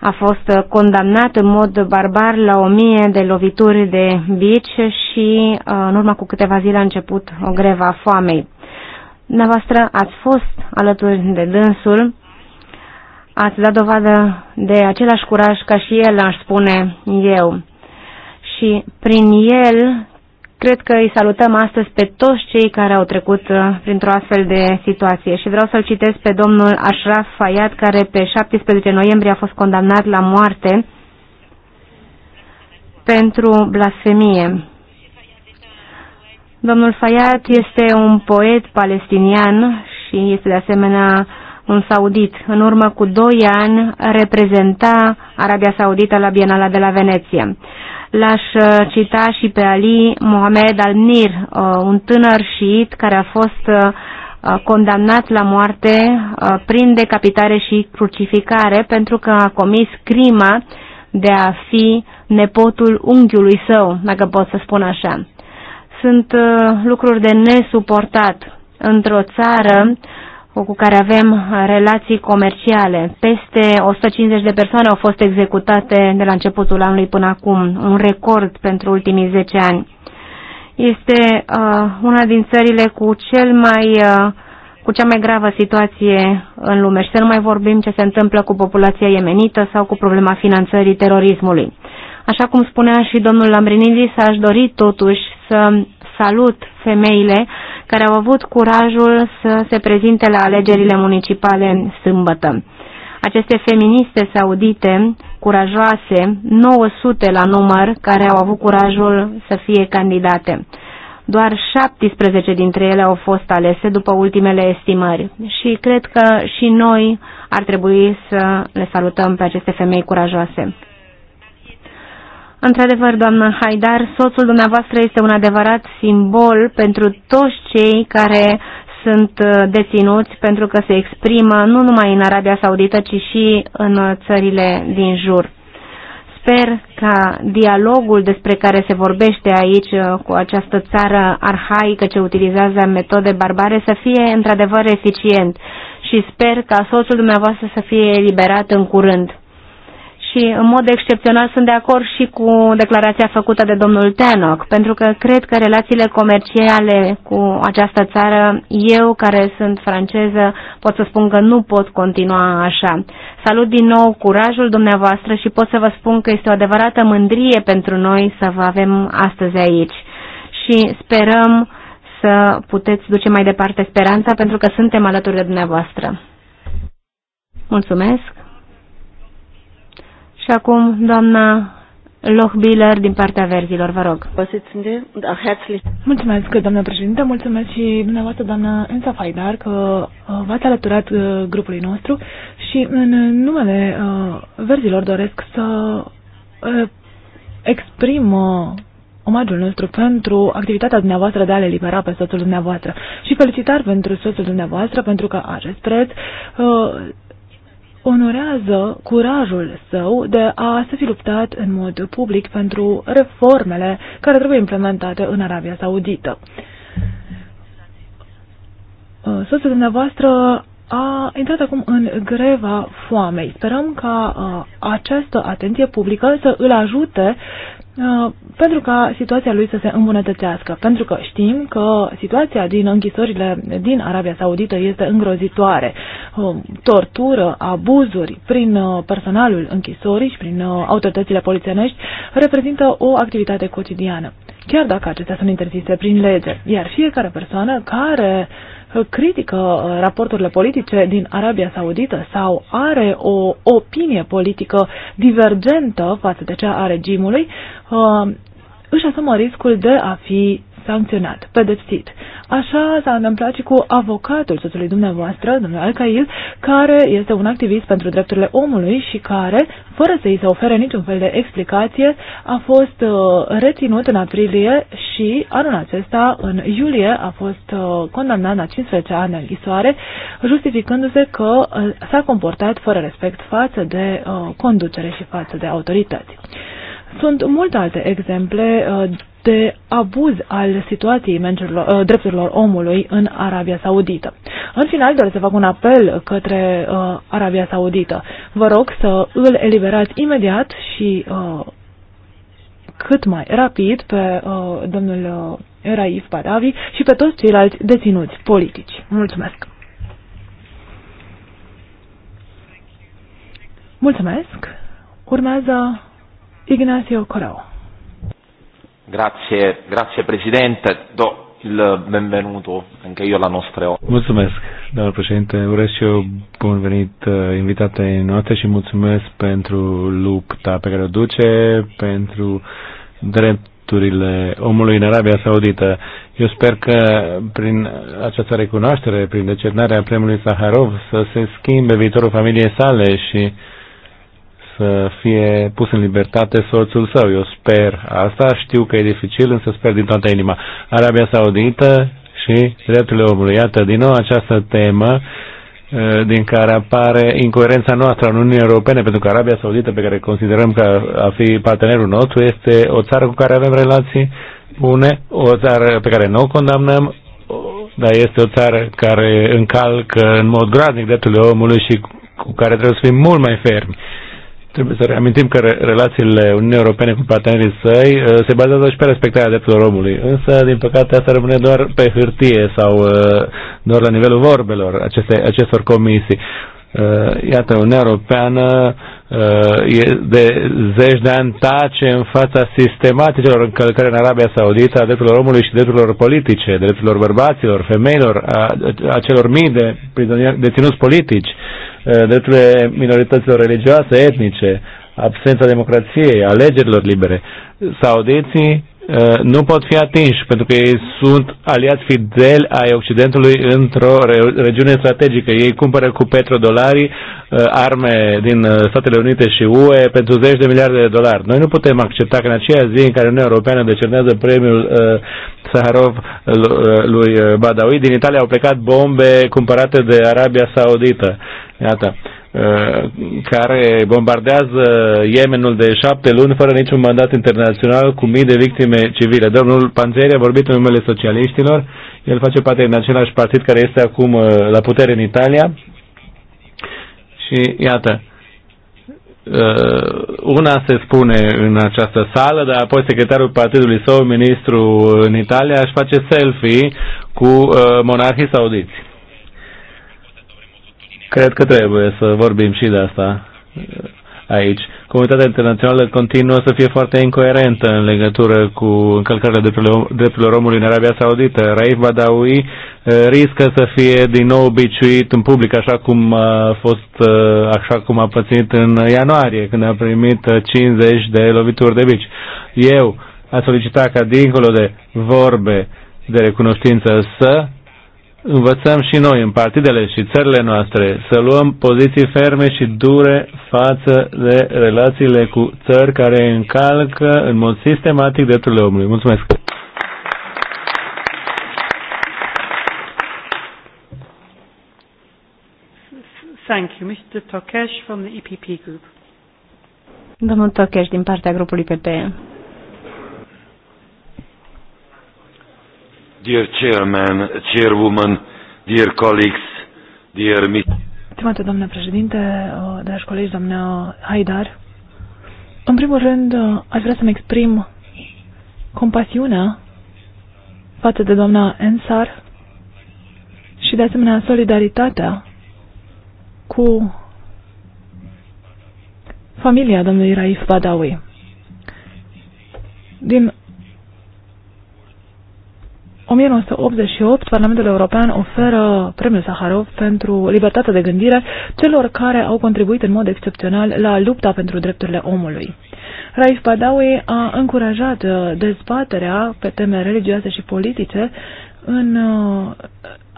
A fost uh, condamnat în mod barbar la o mie de lovituri de bici și în urma cu câteva zile a început o greva foamei. Dumneavoastră ați fost alături de dânsul ați dat dovadă de același curaj ca și el, aș spune eu. Și prin el, cred că îi salutăm astăzi pe toți cei care au trecut uh, printr-o astfel de situație. Și vreau să-l citesc pe domnul Ashraf Fayad, care pe 17 noiembrie a fost condamnat la moarte pentru blasfemie. Domnul Fayad este un poet palestinian și este de asemenea un saudit, în urmă cu doi ani reprezenta Arabia Saudită la Bienala de la Veneția. L-aș uh, cita și pe Ali Mohamed Al-Nir, uh, un tânăr șiit care a fost uh, condamnat la moarte prin decapitare și crucificare pentru că a comis crima de a fi nepotul unghiului său, dacă pot să spun așa. Sunt lucruri de nesuportat într-o țară cu care avem relații comerciale. Peste 150 de persoane au fost executate de la începutul anului până acum, un record pentru ultimii 10 ani. Este uh, una din țările cu cel mai uh, cu cea mai gravă situație în lume și să nu mai vorbim ce se întâmplă cu populația iemenită sau cu problema finanțării terorismului. Așa cum spunea și domnul Lambrinidis, aș dori totuși să salut femeile care au avut curajul să se prezinte la alegerile municipale sâmbătă. Aceste feministe saudite, curajoase, 900 la număr, care au avut curajul să fie candidate. Doar 17 dintre ele au fost alese după ultimele estimări și cred că și noi ar trebui să le salutăm pe aceste femei curajoase. Într-adevăr, doamnă Haidar, soțul dumneavoastră este un adevărat simbol pentru toți cei care sunt uh, deținuți pentru că se exprimă nu numai în Arabia Saudită, ci și în țările din jur. Sper ca dialogul despre care se vorbește aici uh, cu această țară arhaică ce utilizează metode barbare să fie într-adevăr eficient și sper ca soțul dumneavoastră să fie eliberat în curând și în mod excepțional sunt de acord și cu declarația făcută de domnul Tenoc, pentru că cred că relațiile comerciale cu această țară, eu care sunt franceză, pot să spun că nu pot continua așa. Salut din nou curajul dumneavoastră și pot să vă spun că este o adevărată mândrie pentru noi să vă avem astăzi aici. Și sperăm să puteți duce mai departe speranța pentru că suntem alături de dumneavoastră. Mulțumesc! Și acum, doamna Lochbiller din partea verzilor, vă rog. Da, mulțumesc, doamnă președinte, mulțumesc și dumneavoastră, doamna Ensa Faidar, că uh, v-ați alăturat uh, grupului nostru și în numele uh, verzilor doresc să exprim omagiul nostru pentru activitatea dumneavoastră de a le libera pe soțul dumneavoastră și felicitări pentru soțul dumneavoastră pentru că acest preț onorează curajul său de a se fi luptat în mod public pentru reformele care trebuie implementate în Arabia Saudită. Uh, soțul dumneavoastră a intrat acum în greva foamei. Sperăm ca uh, această atenție publică să îl ajute Uh, pentru ca situația lui să se îmbunătățească, pentru că știm că situația din închisorile din Arabia Saudită este îngrozitoare. Uh, tortură, abuzuri prin uh, personalul închisorii și prin autoritățile polițienești reprezintă o activitate cotidiană, chiar dacă acestea sunt interzise prin lege, iar fiecare persoană care uh, critică uh, raporturile politice din Arabia Saudită sau are o opinie politică divergentă față de cea a regimului, uh, își asumă riscul de a fi sancționat, pedepsit. Așa s-a întâmplat și cu avocatul soțului dumneavoastră, domnul Alcail, care este un activist pentru drepturile omului și care, fără să îi se ofere niciun fel de explicație, a fost uh, reținut în aprilie și anul acesta, în iulie, a fost uh, condamnat la 15 ani închisoare, justificându-se că uh, s-a comportat fără respect față de uh, conducere și față de autorități. Sunt multe alte exemple uh, de abuz al situației uh, drepturilor omului în Arabia Saudită. În final, doresc să fac un apel către uh, Arabia Saudită. Vă rog să îl eliberați imediat și cât mai rapid pe domnul Raif Badavi și pe toți ceilalți deținuți politici. Mulțumesc! Mulțumesc! Urmează Ignacio Corao. Grazie, grazie Presidente. Do il benvenuto anche io alla nostra opera. Mulțumesc, doamnă președinte. Urez și eu bun venit uh, în noastră și mulțumesc pentru lupta pe care o duce, pentru drepturile omului în Arabia Saudită. Eu sper că prin această recunoaștere, prin decernarea premiului Saharov, să se schimbe viitorul familiei sale și uh, să fie pus în libertate soțul său. Eu sper asta, știu că e dificil, însă sper din toată inima. Arabia Saudită și drepturile omului. Iată, din nou această temă din care apare incoerența noastră în Uniunea Europene, pentru că Arabia Saudită, pe care considerăm că a fi partenerul nostru, este o țară cu care avem relații bune, o țară pe care nu o condamnăm, dar este o țară care încalcă în mod groaznic drepturile omului și cu care trebuie să fim mult mai fermi. Trebuie să reamintim că relațiile Uniunii Europene cu partenerii săi uh, se bazează și pe respectarea drepturilor omului, însă, din păcate, asta rămâne doar pe hârtie sau uh, doar la nivelul vorbelor aceste, acestor comisii. Uh, iată, Uniunea Europeană de zeci de ani tace în fața sistematicelor încălcări în Arabia Saudită a drepturilor omului și drepturilor politice, drepturilor bărbaților, femeilor, a, a celor mii de prizonieri deținuți politici. Uh, Eh, drepturile minorităților religioase, etnice, absența democrației, alegerilor libere. Saudeții Uh, nu pot fi atinși, pentru că ei sunt aliați fideli ai Occidentului într-o regiune strategică. Ei cumpără cu petrodolarii uh, arme din uh, Statele Unite și UE pentru zeci de miliarde de dolari. Noi nu putem accepta că în aceea zi în care Uniunea Europeană decernează premiul uh, Saharov lui Badawi, din Italia au plecat bombe cumpărate de Arabia Saudită. Iată. Uh, Uh, care bombardează Yemenul de șapte luni fără niciun mandat internațional cu mii de victime civile. Domnul Panzeri a vorbit în numele socialiștilor, el face parte din același partid care este acum uh, la putere în Italia și iată, uh, una se spune în această sală, dar apoi secretarul partidului său, ministru în Italia, își face selfie cu monarhii saudiți. Cred că trebuie să vorbim și de asta uh, aici. Comunitatea internațională continuă să fie foarte incoerentă în legătură cu încălcările drepturilor omului în Arabia Saudită. Raif Badawi uh, riscă să fie din nou biciuit în public, așa cum a fost, uh, așa cum a pățit în ianuarie, când a primit 50 de lovituri de bici. Eu a solicitat ca dincolo de vorbe de recunoștință să învățăm și noi în partidele și țările noastre să luăm poziții ferme și dure față de relațiile cu țări care încalcă în mod sistematic drepturile omului. Mulțumesc! Thank you. Mr. Tokesh from the EPP Group. Domnul Tokesh din partea grupului PPE. Dear Chairman, Chairwoman, dear colleagues, dear Stimate domnule președinte, dragi colegi, doamnă Haidar, în primul rând aș vrea să-mi exprim compasiunea față de doamna Ensar și de asemenea solidaritatea cu familia domnului Raif Badawi. Din 1988, Parlamentul European oferă premiul Saharov pentru libertatea de gândire celor care au contribuit în mod excepțional la lupta pentru drepturile omului. Raif Badawi a încurajat uh, dezbaterea pe teme religioase și politice în uh,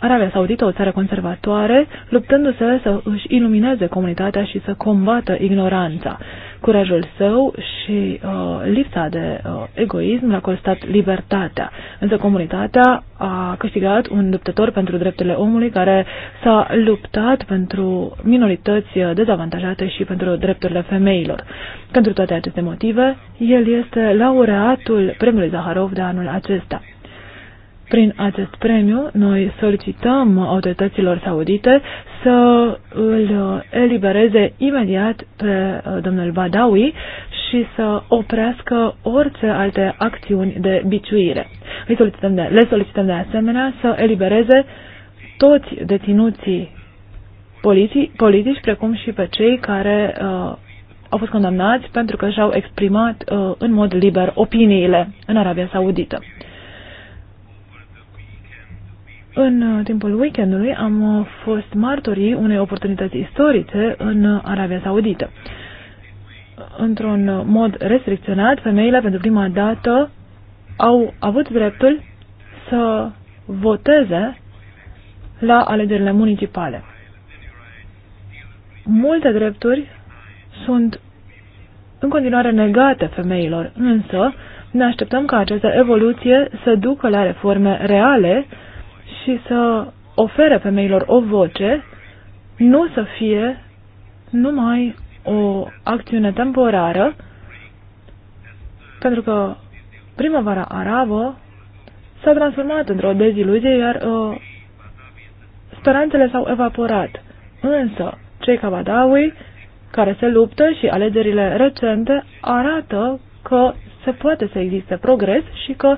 Arabia Saudită, o țară conservatoare, luptându-se să își ilumineze comunitatea și să combată ignoranța curajul său și uh, lipsa de uh, egoism l-a costat libertatea. Însă comunitatea a câștigat un luptător pentru drepturile omului care s-a luptat pentru minorități dezavantajate și pentru drepturile femeilor. Pentru toate aceste motive, el este laureatul premiului Zaharov de anul acesta. Prin acest premiu, noi solicităm autorităților saudite să îl elibereze imediat pe uh, domnul Badawi și să oprească orice alte acțiuni de biciuire. Îi solicităm de, le solicităm de asemenea să elibereze toți deținuții politici, politici precum și pe cei care uh, au fost condamnați pentru că și-au exprimat uh, în mod liber opiniile în Arabia Saudită. În uh, timpul weekendului am uh, fost martorii unei oportunități istorice în uh, Arabia Saudită. Într-un mod restricționat, femeile pentru prima dată au avut dreptul să voteze la alegerile municipale. Multe drepturi sunt în continuare negate femeilor, însă ne așteptăm ca această evoluție să ducă la reforme reale și să ofere femeilor o voce, nu să fie numai o acțiune temporară, pentru că primăvara arabă s-a transformat într-o deziluzie, iar uh, speranțele s-au evaporat. Însă, cei ca Badawi, care se luptă și alegerile recente arată că se poate să existe progres și că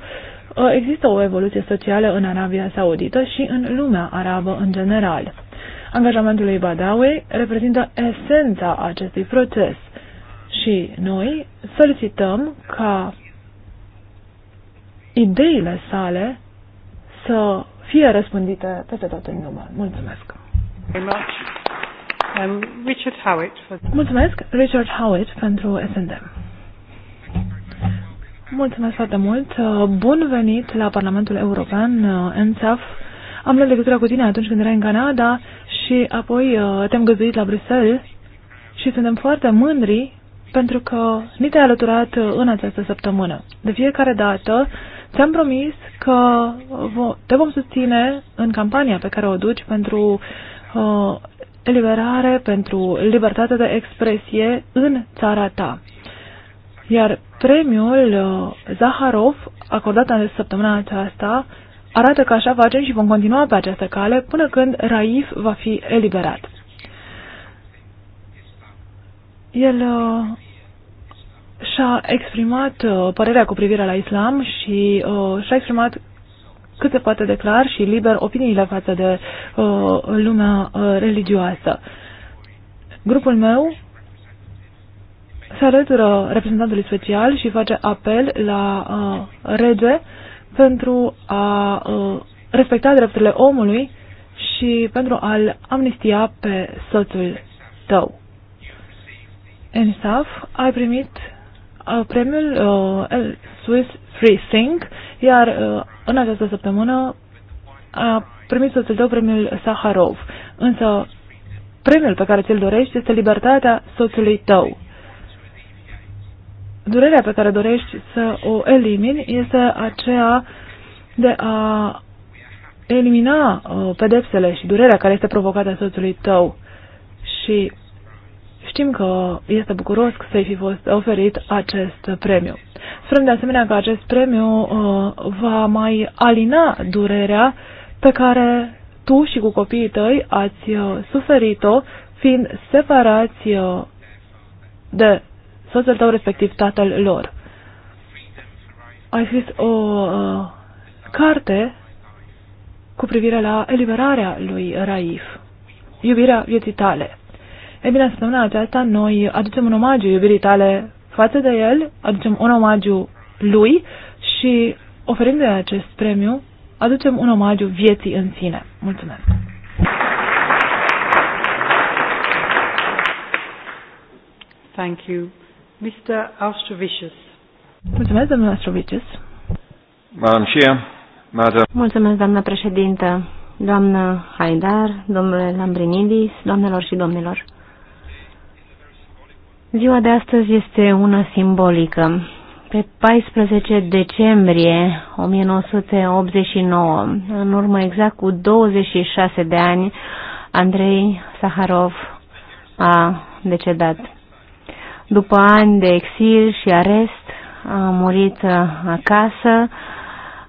Uh, există o evoluție socială în Arabia Saudită și în lumea arabă în general. Angajamentul lui Badawi reprezintă esența acestui proces și noi solicităm ca ideile sale să fie răspândite peste tot în lume. Mulțumesc! Mulțumesc, Richard Howitt, pentru SND. Mulțumesc foarte mult. Bun venit la Parlamentul European, ENSAF. Am luat legătura cu tine atunci când erai în Canada și apoi uh, te-am găzuit la Bruxelles și suntem foarte mândri pentru că ni te-ai alăturat uh, în această săptămână. De fiecare dată ți-am promis că uh, te vom susține în campania pe care o duci pentru eliberare, pentru libertatea de expresie în țara ta. Iar premiul uh, Zaharov, acordat în săptămâna aceasta, arată că așa facem și vom continua pe această cale până când Raif va fi eliberat. El uh, și-a exprimat uh, părerea cu privire la islam și uh, și-a exprimat cât se poate de clar și liber opiniile față de uh, lumea uh, religioasă. Grupul meu se alătură reprezentantului special și face apel la uh, rege pentru a uh, respecta drepturile omului și pentru a-l amnistia pe soțul tău. Ensaf, ai primit uh, premiul uh, Swiss Free Think, iar uh, în această săptămână a primit soțul tău premiul Saharov. Însă premiul pe care ți-l dorești este libertatea soțului tău durerea pe care dorești să o elimini este aceea de a elimina uh, pedepsele și durerea care este provocată soțului tău. Și știm că este bucuros să-i fi fost oferit acest premiu. Sperăm de asemenea că acest premiu uh, va mai alina durerea pe care tu și cu copiii tăi ați uh, suferit-o fiind separați uh, de soțul tău, respectiv tatăl lor. A scris o uh, carte cu privire la eliberarea lui Raif, iubirea vieții tale. E bine, săptămâna aceasta noi aducem un omagiu iubirii tale față de el, aducem un omagiu lui și oferim de acest premiu, aducem un omagiu vieții în sine. Mulțumesc! Thank you. Mr. Austrovicius. Mulțumesc, domnul Austrovicius. Madam Chair, Madam. Mulțumesc, doamnă președintă, doamnă Haidar, domnule Lambrinidis, doamnelor și domnilor. Ziua de astăzi este una simbolică. Pe 14 decembrie 1989, în urmă exact cu 26 de ani, Andrei Saharov a decedat după ani de exil și arest, a murit uh, acasă,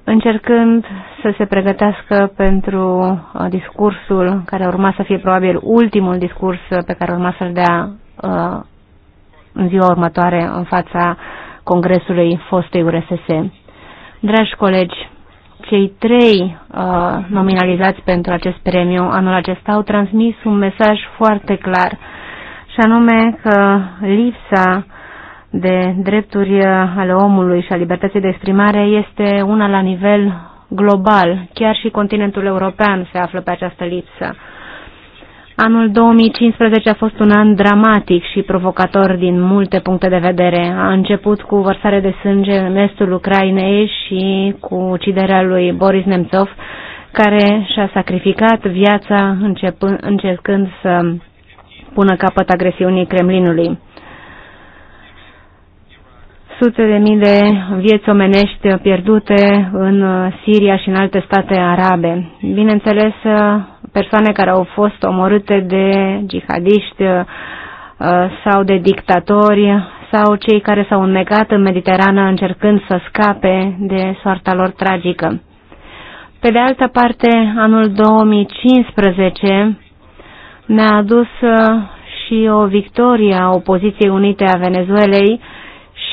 încercând să se pregătească pentru uh, discursul care urma să fie probabil ultimul discurs uh, pe care urma să-l dea în ziua următoare în fața Congresului fostei URSS. Dragi colegi, cei trei uh, nominalizați pentru acest premiu anul acesta au transmis un mesaj foarte clar și anume că lipsa de drepturi ale omului și a libertății de exprimare este una la nivel global. Chiar și continentul european se află pe această lipsă. Anul 2015 a fost un an dramatic și provocator din multe puncte de vedere. A început cu vărsare de sânge în estul Ucrainei și cu uciderea lui Boris Nemtsov, care și-a sacrificat viața încercând să pună capăt agresiunii Kremlinului. Sute de mii de vieți omenești pierdute în Siria și în alte state arabe. Bineînțeles, persoane care au fost omorâte de jihadiști uh, sau de dictatori sau cei care s-au înnecat în Mediterană încercând să scape de soarta lor tragică. Pe de altă parte, anul 2015 ne-a adus uh, și o victorie a opoziției unite a Venezuelei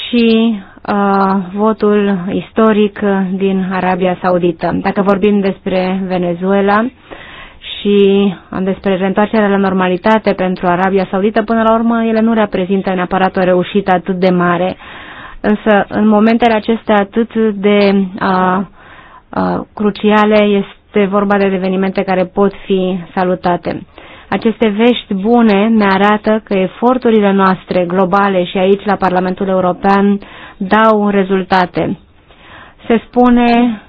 și uh, votul istoric din Arabia Saudită. Dacă vorbim despre Venezuela și despre reîntoarcerea la normalitate pentru Arabia Saudită, până la urmă ele nu reprezintă neapărat o reușită atât de mare. Însă, în momentele acestea atât de uh, uh, cruciale, este vorba de evenimente care pot fi salutate. Aceste vești bune ne arată că eforturile noastre globale și aici la Parlamentul European dau rezultate. Se spune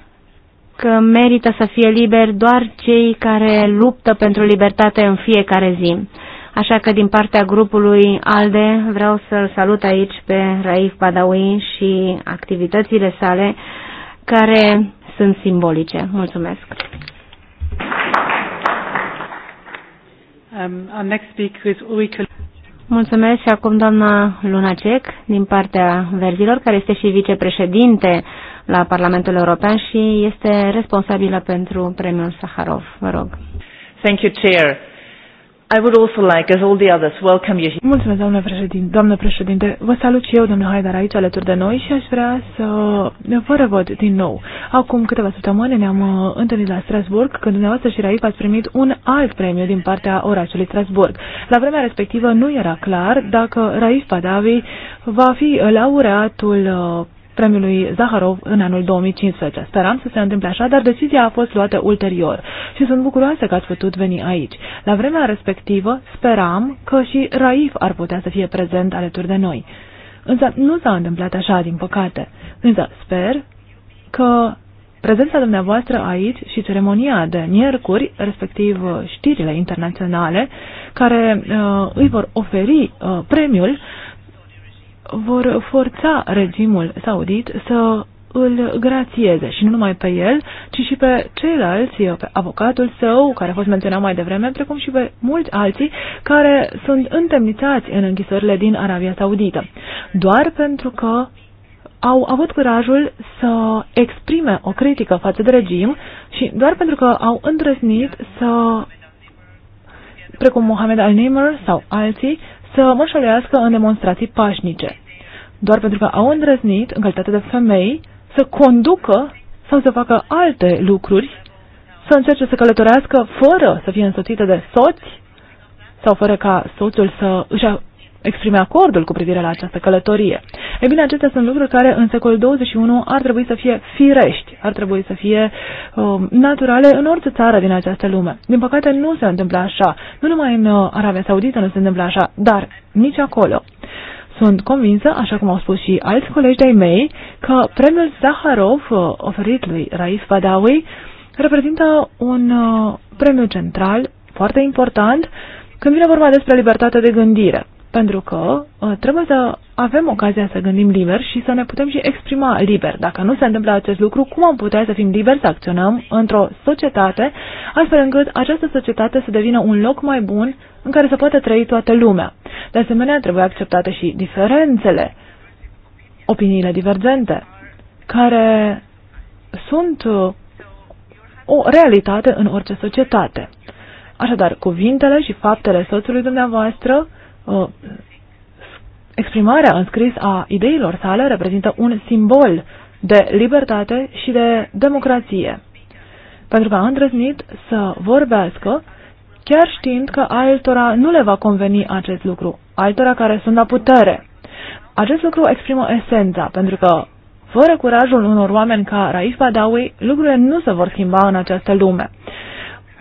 că merită să fie liberi doar cei care luptă pentru libertate în fiecare zi. Așa că din partea grupului ALDE vreau să-l salut aici pe Raif Badawi și activitățile sale care sunt simbolice. Mulțumesc! Um, next speaker is Ulrike. Mulțumesc și acum doamna Lunacek din partea Verzilor, care este și vicepreședinte la Parlamentul European și este responsabilă pentru premiul Saharov. Vă rog. Thank you, Chair. I would also like, as all the others, welcome you. Mulțumesc, doamnă președinte. Doamnă președinte, vă salut și eu, domnul Haidar, aici alături de noi și aș vrea să vă revăd din nou. Acum câteva săptămâni ne-am uh, întâlnit la Strasburg, când dumneavoastră și Raif ați primit un alt premiu din partea orașului Strasburg. La vremea respectivă nu era clar dacă Raif Badawi va fi laureatul uh, premiului Zaharov în anul 2015. Speram să se întâmple așa, dar decizia a fost luată ulterior și sunt bucuroasă că ați putut veni aici. La vremea respectivă speram că și Raif ar putea să fie prezent alături de noi. Însă nu s-a întâmplat așa, din păcate. Însă sper că prezența dumneavoastră aici și ceremonia de miercuri, respectiv uh, știrile internaționale, care uh, îi vor oferi uh, premiul, vor forța regimul saudit să îl grațieze și nu numai pe el, ci și pe ceilalți, pe avocatul său, care a fost menționat mai devreme, precum și pe mulți alții care sunt întemnițați în închisorile din Arabia Saudită, doar pentru că au avut curajul să exprime o critică față de regim și doar pentru că au îndrăznit să, precum Mohamed al-Nimr sau alții, să mărșălească în demonstrații pașnice doar pentru că au îndrăznit, în calitate de femei, să conducă sau să facă alte lucruri, să încerce să călătorească fără să fie însoțită de soți sau fără ca soțul să își exprime acordul cu privire la această călătorie. Ei bine, acestea sunt lucruri care în secolul 21 ar trebui să fie firești, ar trebui să fie um, naturale în orice țară din această lume. Din păcate nu se întâmplă așa, nu numai în uh, Arabia Saudită nu se întâmplă așa, dar nici acolo. Sunt convinsă, așa cum au spus și alți colegi de-ai mei, că premiul Zaharov uh, oferit lui Raif Badawi reprezintă un uh, premiu central foarte important când vine vorba despre libertatea de gândire. Pentru că uh, trebuie să avem ocazia să gândim liber și să ne putem și exprima liber. Dacă nu se întâmplă acest lucru, cum am putea să fim liberi să acționăm într-o societate, astfel încât această societate să devină un loc mai bun în care să poată trăi toată lumea. De asemenea, trebuie acceptate și diferențele, opiniile divergente, care sunt uh, o realitate în orice societate. Așadar, cuvintele și faptele soțului dumneavoastră Uh, exprimarea în scris a ideilor sale reprezintă un simbol de libertate și de democrație. Pentru că a îndrăznit să vorbească chiar știind că altora nu le va conveni acest lucru, altora care sunt la putere. Acest lucru exprimă esența, pentru că fără curajul unor oameni ca Raif Badawi, lucrurile nu se vor schimba în această lume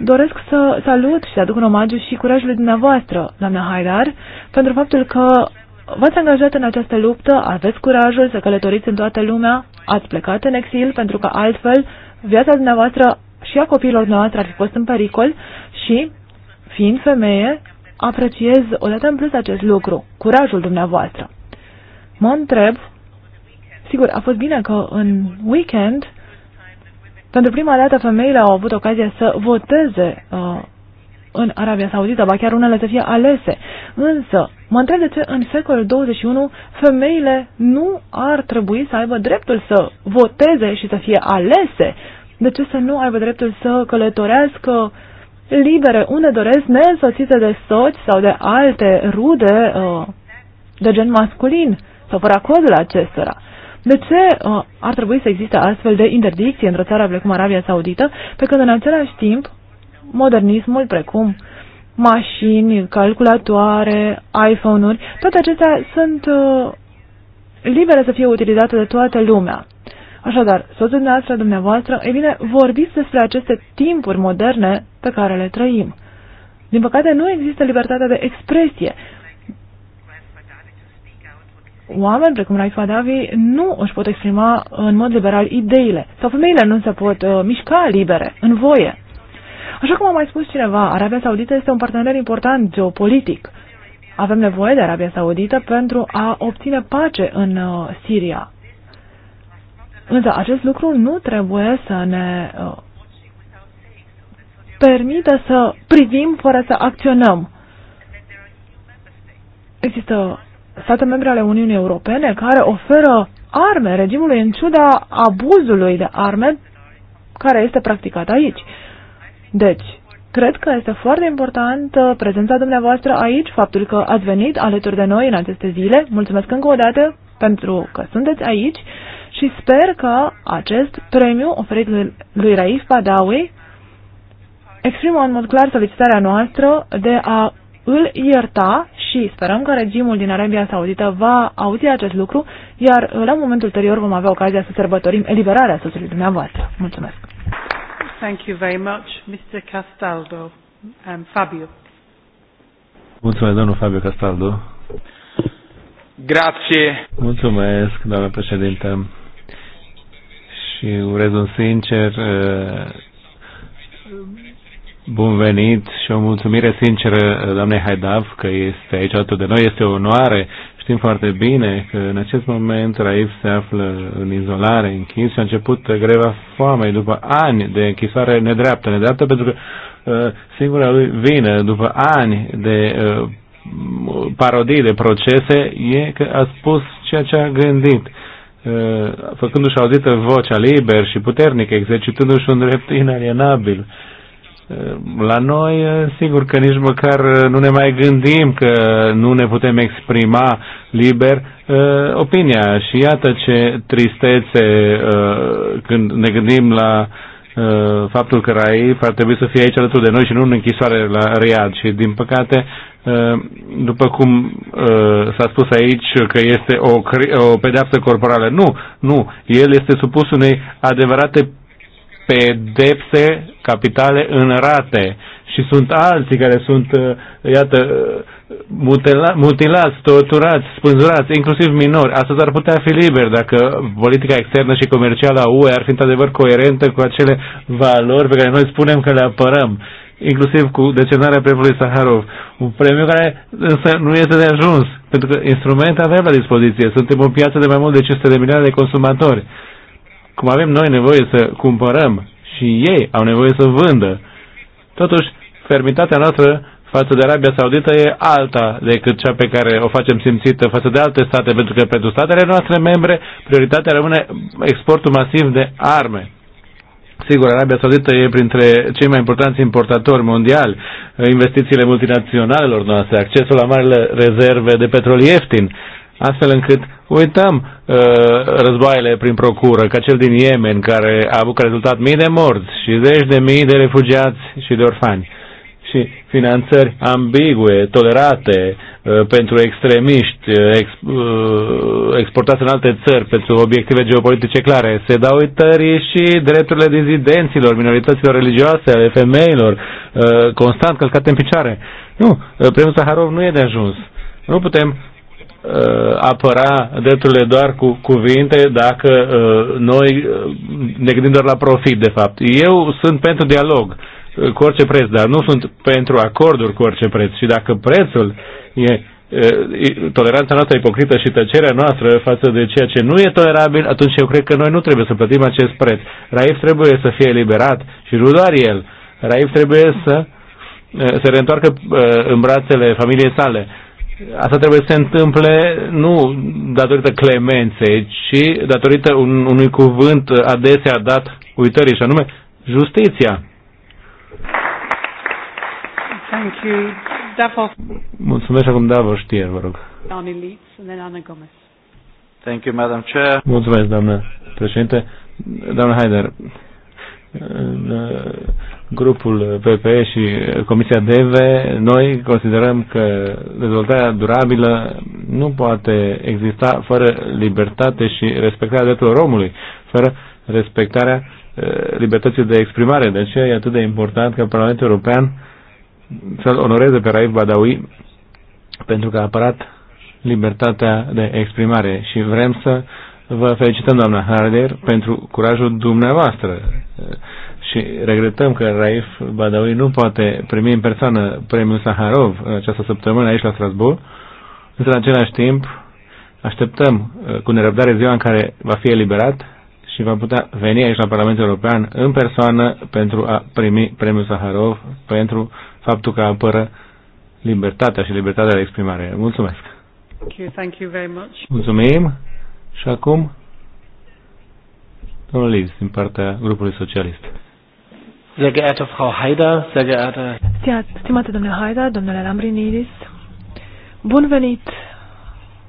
doresc să salut și să aduc un omagiu și curajului dumneavoastră, doamna Haidar, pentru faptul că v-ați angajat în această luptă, aveți curajul să călătoriți în toată lumea, ați plecat în exil pentru că altfel viața dumneavoastră și a copiilor noastre ar fi fost în pericol și, fiind femeie, apreciez odată în plus acest lucru, curajul dumneavoastră. Mă întreb, sigur, a fost bine că în weekend pentru prima dată femeile au avut ocazia să voteze uh, în Arabia Saudită, ba chiar unele să fie alese. Însă, mă întreb de ce în secolul 21 femeile nu ar trebui să aibă dreptul să voteze și să fie alese. De ce să nu aibă dreptul să călătorească libere unde doresc, neînsoțite de soți sau de alte rude uh, de gen masculin sau fără acordul acestora? De ce uh, ar trebui să existe astfel de interdicție într-o țară precum Arabia Saudită, pe când în același timp modernismul precum mașini, calculatoare, iPhone-uri, toate acestea sunt uh, libere să fie utilizate de toată lumea. Așadar, soțul dumneavoastră, dumneavoastră, e bine, vorbiți despre aceste timpuri moderne pe care le trăim. Din păcate, nu există libertatea de expresie oameni, precum Raif Badavi, nu își pot exprima în mod liberal ideile sau femeile nu se pot uh, mișca libere, în voie. Așa cum a mai spus cineva, Arabia Saudită este un partener important geopolitic. Avem nevoie de Arabia Saudită pentru a obține pace în uh, Siria. Însă acest lucru nu trebuie să ne uh, permită să privim fără să acționăm. Există state membre ale Uniunii Europene care oferă arme regimului în ciuda abuzului de arme care este practicat aici. Deci, cred că este foarte important uh, prezența dumneavoastră aici, faptul că ați venit alături de noi în aceste zile. Mulțumesc încă o dată pentru că sunteți aici și sper că acest premiu oferit lui, Raif Badawi exprimă în mod clar solicitarea noastră de a îl ierta și sperăm că regimul din Arabia Saudită va auzi acest lucru, iar la momentul ulterior vom avea ocazia să sărbătorim eliberarea soțului dumneavoastră. Mulțumesc! Thank you very much, Mr. Castaldo. and Fabio. Mulțumesc, domnul Fabio Castaldo. Grazie. Mulțumesc, doamnă președintă. Și urez un sincer uh, Bun venit și o mulțumire sinceră doamne Haidav că este aici alături de noi. Este o onoare. Știm foarte bine că în acest moment Raif se află în izolare, închis și a început greva foamei după ani de închisoare nedreaptă. Nedreaptă pentru că uh, singura lui vină după ani de uh, parodii, de procese, e că a spus ceea ce a gândit uh, făcându-și auzită vocea liber și puternică, exercitându-și un drept inalienabil. Uh, la noi, eh, sigur că nici măcar eh, nu ne mai gândim că nu ne putem exprima liber uh, opinia. Și iată ce tristețe uh, când ne gândim la uh, faptul că Raif ar trebui să fie aici alături de noi și nu în închisoare la Riad. Și din păcate, uh, după cum uh, s-a spus aici că este o, o pedeapsă corporală, nu, nu, el este supus unei adevărate pedepse capitale în rate și sunt alții care sunt, uh, iată, uh, mutila, mutilați, torturați, spânzurați, inclusiv minori. Astăzi ar putea fi liber dacă politica externă și comercială a UE ar fi într-adevăr coerentă cu acele valori pe care noi spunem că le apărăm inclusiv cu decenarea premiului Saharov, un premiu care însă nu este de ajuns, pentru că instrumente avem la dispoziție, suntem o piață de mai mult de 500 de milioane de consumatori cum avem noi nevoie să cumpărăm și ei au nevoie să vândă. Totuși, fermitatea noastră față de Arabia Saudită e alta decât cea pe care o facem simțită față de alte state, pentru că pentru statele noastre membre prioritatea rămâne exportul masiv de arme. Sigur, Arabia Saudită e printre cei mai importanți importatori mondiali, investițiile multinaționalelor noastre, accesul la marile rezerve de petrol ieftin, astfel încât uităm uh, războaiele prin procură, ca cel din Yemen, care a avut ca rezultat mii de morți și zeci de mii de refugiați și de orfani și finanțări ambigue, tolerate uh, pentru extremiști uh, ex, uh, exportați în alte țări pentru obiective geopolitice clare. Se dau uitării și drepturile dizidenților, minorităților religioase, ale femeilor, uh, constant călcate în picioare. Nu, uh, premiul Saharov nu e de ajuns. Nu putem uh, apăra drepturile doar cu cuvinte dacă uh, noi uh, ne gândim doar la profit, de fapt. Eu sunt pentru dialog uh, cu orice preț, dar nu sunt pentru acorduri cu orice preț. Și dacă prețul e uh, toleranța noastră ipocrită și tăcerea noastră față de ceea ce nu e tolerabil, atunci eu cred că noi nu trebuie să plătim acest preț. Raif trebuie să fie eliberat și nu doar el. Raif trebuie să se reîntoarcă în brațele familiei sale. Asta trebuie să se întâmple nu datorită clemenței, ci datorită un, unui cuvânt adesea dat uitării, și anume justiția. Thank you. Davos. Mulțumesc acum Davos Știer, vă rog. Thank you, Madam Chair. Mulțumesc, doamnă președinte. Doamnă Haider, grupul PPE și Comisia DEVE, noi considerăm că dezvoltarea durabilă nu poate exista fără libertate și respectarea drepturilor omului, fără respectarea eh, libertății de exprimare. De aceea e atât de important că Parlamentul European să-l onoreze pe Raif Badawi pentru că a apărat libertatea de exprimare și vrem să vă felicităm, doamna Harder, pentru curajul dumneavoastră și regretăm că Raif Badawi nu poate primi în persoană premiul Saharov această săptămână aici la Strasbourg, însă în același timp așteptăm uh, cu nerăbdare ziua în care va fi eliberat și va putea veni aici la Parlamentul European în persoană pentru a primi premiul Saharov pentru faptul că apără libertatea și libertatea de exprimare. Mulțumesc! Thank you, thank you very much. Mulțumim! Și acum, domnul Liz, din partea grupului socialist. Sehr geehrte Frau Haider, sehr geehrte... Stimate domnule Haider, domnule Lambrinidis, bun venit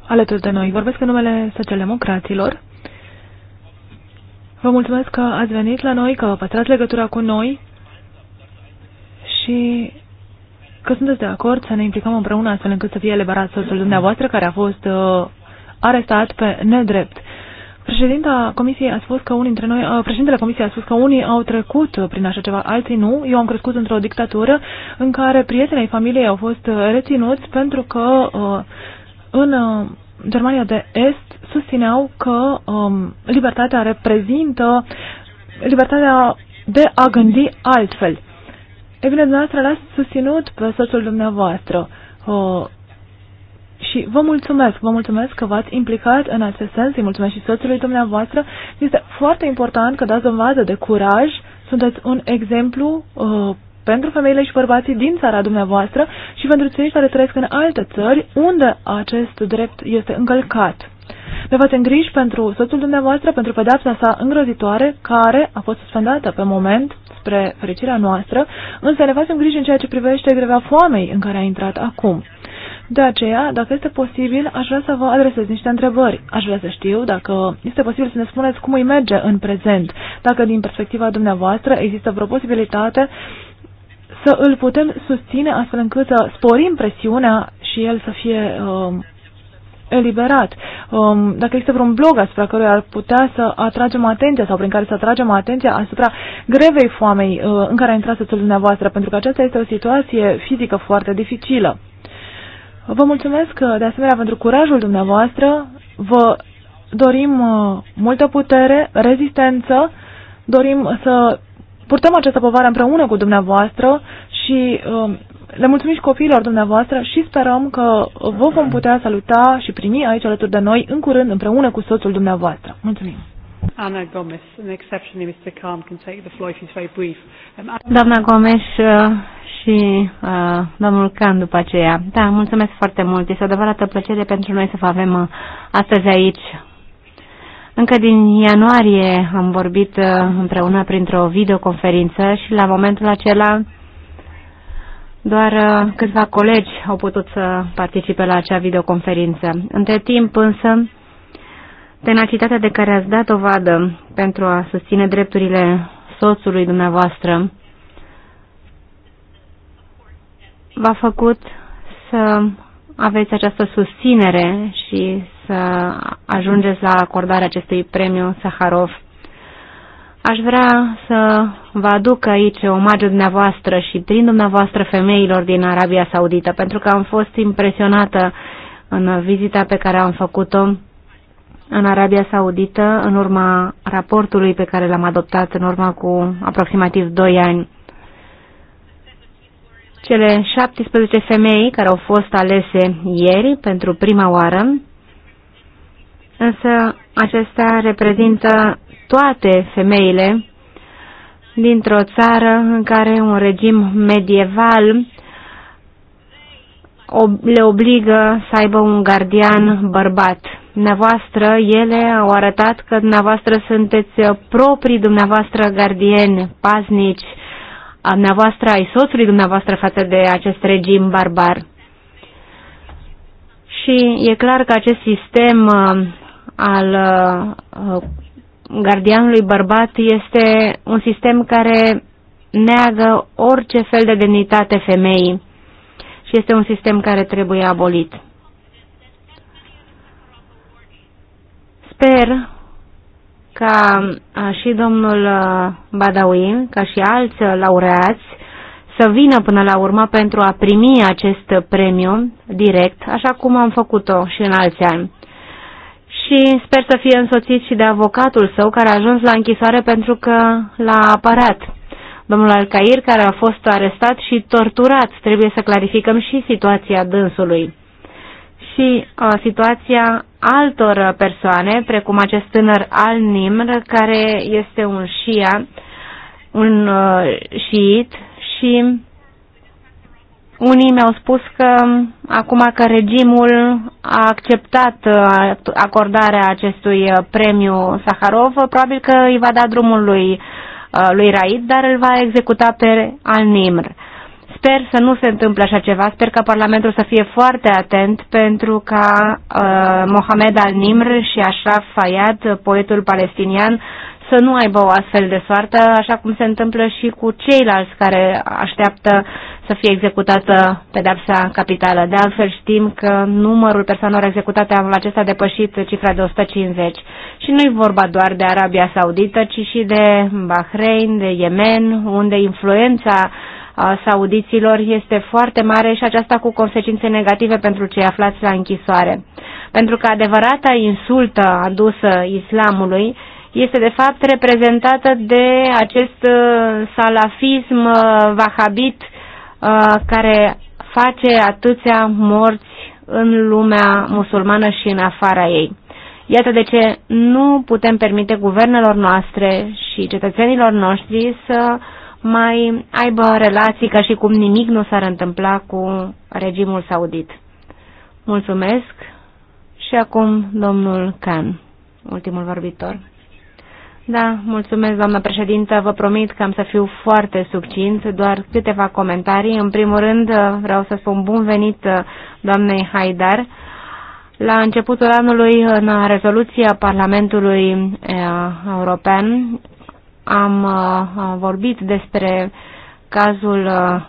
alături de noi. Vorbesc în numele socialdemocraților. Vă mulțumesc că ați venit la noi, că vă păstrați legătura cu noi și că sunteți de acord să ne implicăm împreună astfel încât să fie eliberat soțul dumneavoastră care a fost uh, arestat pe nedrept. Președinta Comisiei a spus că unii dintre noi, uh, președintele Comisiei a spus că unii au trecut uh, prin așa ceva, alții nu. Eu am crescut într-o dictatură în care prietenii familiei au fost uh, reținuți pentru că în Germania de Est susțineau că um, libertatea reprezintă libertatea de a gândi altfel. E bine, dumneavoastră l-ați susținut pe soțul dumneavoastră. Și vă mulțumesc, vă mulțumesc că v-ați implicat în acest sens, îi mulțumesc și soțului dumneavoastră. Este foarte important că dați dovadă de curaj, sunteți un exemplu uh, pentru femeile și bărbații din țara dumneavoastră și pentru cei care trăiesc în alte țări unde acest drept este încălcat. Ne facem griji pentru soțul dumneavoastră, pentru pedapsa sa îngrozitoare, care a fost suspendată pe moment spre fericirea noastră, însă ne facem griji în ceea ce privește grevea foamei în care a intrat acum. De aceea, dacă este posibil, aș vrea să vă adresez niște întrebări. Aș vrea să știu dacă este posibil să ne spuneți cum îi merge în prezent, dacă din perspectiva dumneavoastră există vreo posibilitate să îl putem susține astfel încât să sporim presiunea și el să fie uh, eliberat. Um, dacă există vreun blog asupra căruia ar putea să atragem atenția sau prin care să atragem atenția asupra grevei foamei uh, în care a intrat soțul dumneavoastră, pentru că aceasta este o situație fizică foarte dificilă. Vă mulțumesc uh, de asemenea pentru curajul dumneavoastră. Vă dorim uh, multă putere, rezistență. Dorim să purtăm această povară împreună cu dumneavoastră și um, le mulțumim și copiilor dumneavoastră și sperăm că vă vom putea saluta și primi aici alături de noi în curând împreună cu soțul dumneavoastră. Mulțumim! Ana Gomez, an exceptionally Mr. Khan can take the floor if he's very brief. Um, Doamna Gomez uh, și uh, domnul Khan după aceea. Da, mulțumesc foarte mult. Este o adevărată plăcere pentru noi să vă avem uh, astăzi aici. Încă din ianuarie am vorbit uh, împreună printr-o videoconferință și la momentul acela doar uh, câțiva colegi au putut să participe la acea videoconferință. Între timp însă tenacitatea de care ați dat dovadă pentru a susține drepturile soțului dumneavoastră v-a făcut să aveți această susținere și să ajungeți la acordarea acestui premiu Saharov. Aș vrea să vă aduc aici omagiul dumneavoastră și prin dumneavoastră femeilor din Arabia Saudită, pentru că am fost impresionată în vizita pe care am făcut-o în Arabia Saudită în urma raportului pe care l-am adoptat în urma cu aproximativ 2 ani. Cele 17 femei care au fost alese ieri pentru prima oară, însă acestea reprezintă toate femeile dintr-o țară în care un regim medieval le obligă să aibă un gardian bărbat dumneavoastră, ele au arătat că dumneavoastră sunteți proprii dumneavoastră gardieni, paznici, a dumneavoastră, ai soțului dumneavoastră față de acest regim barbar. Și e clar că acest sistem uh, al uh, gardianului bărbat este un sistem care neagă orice fel de demnitate femeii și este un sistem care trebuie abolit. Sper ca și domnul Badawi, ca și alți laureați, să vină până la urmă pentru a primi acest premiu direct, așa cum am făcut-o și în alți ani. Și sper să fie însoțit și de avocatul său care a ajuns la închisoare pentru că l-a apărat. Domnul Alcair, care a fost arestat și torturat, trebuie să clarificăm și situația dânsului și uh, situația altor persoane, precum acest tânăr al Nimr, care este un șia, un uh, șiit și unii mi-au spus că acum că regimul a acceptat uh, acordarea acestui uh, premiu Saharov, probabil că îi va da drumul lui, uh, lui Raid, dar îl va executa pe Al-Nimr. Sper să nu se întâmple așa ceva, sper ca Parlamentul să fie foarte atent pentru ca uh, Mohamed al-Nimr și Ashraf Fayyad, poetul palestinian, să nu aibă o astfel de soartă, așa cum se întâmplă și cu ceilalți care așteaptă să fie executată pedepsa capitală. De altfel știm că numărul persoanelor executate anul acesta a depășit cifra de 150. Și nu i vorba doar de Arabia Saudită, ci și de Bahrain, de Yemen, unde influența uh, saudiților este foarte mare și aceasta cu consecințe negative pentru cei aflați la închisoare. Pentru că adevărata insultă adusă islamului este de fapt reprezentată de acest uh, salafism uh, vahabit uh, care face atâția morți în lumea musulmană și în afara ei. Iată de ce nu putem permite guvernelor noastre și cetățenilor noștri să mai aibă relații ca și cum nimic nu s-ar întâmpla cu regimul saudit. Mulțumesc și acum domnul Can, ultimul vorbitor. Da, mulțumesc, doamnă președintă. Vă promit că am să fiu foarte succint, doar câteva comentarii. În primul rând, vreau să spun bun venit doamnei Haidar. La începutul anului, în rezoluția Parlamentului eh, European, Uh, am vorbit despre cazul uh,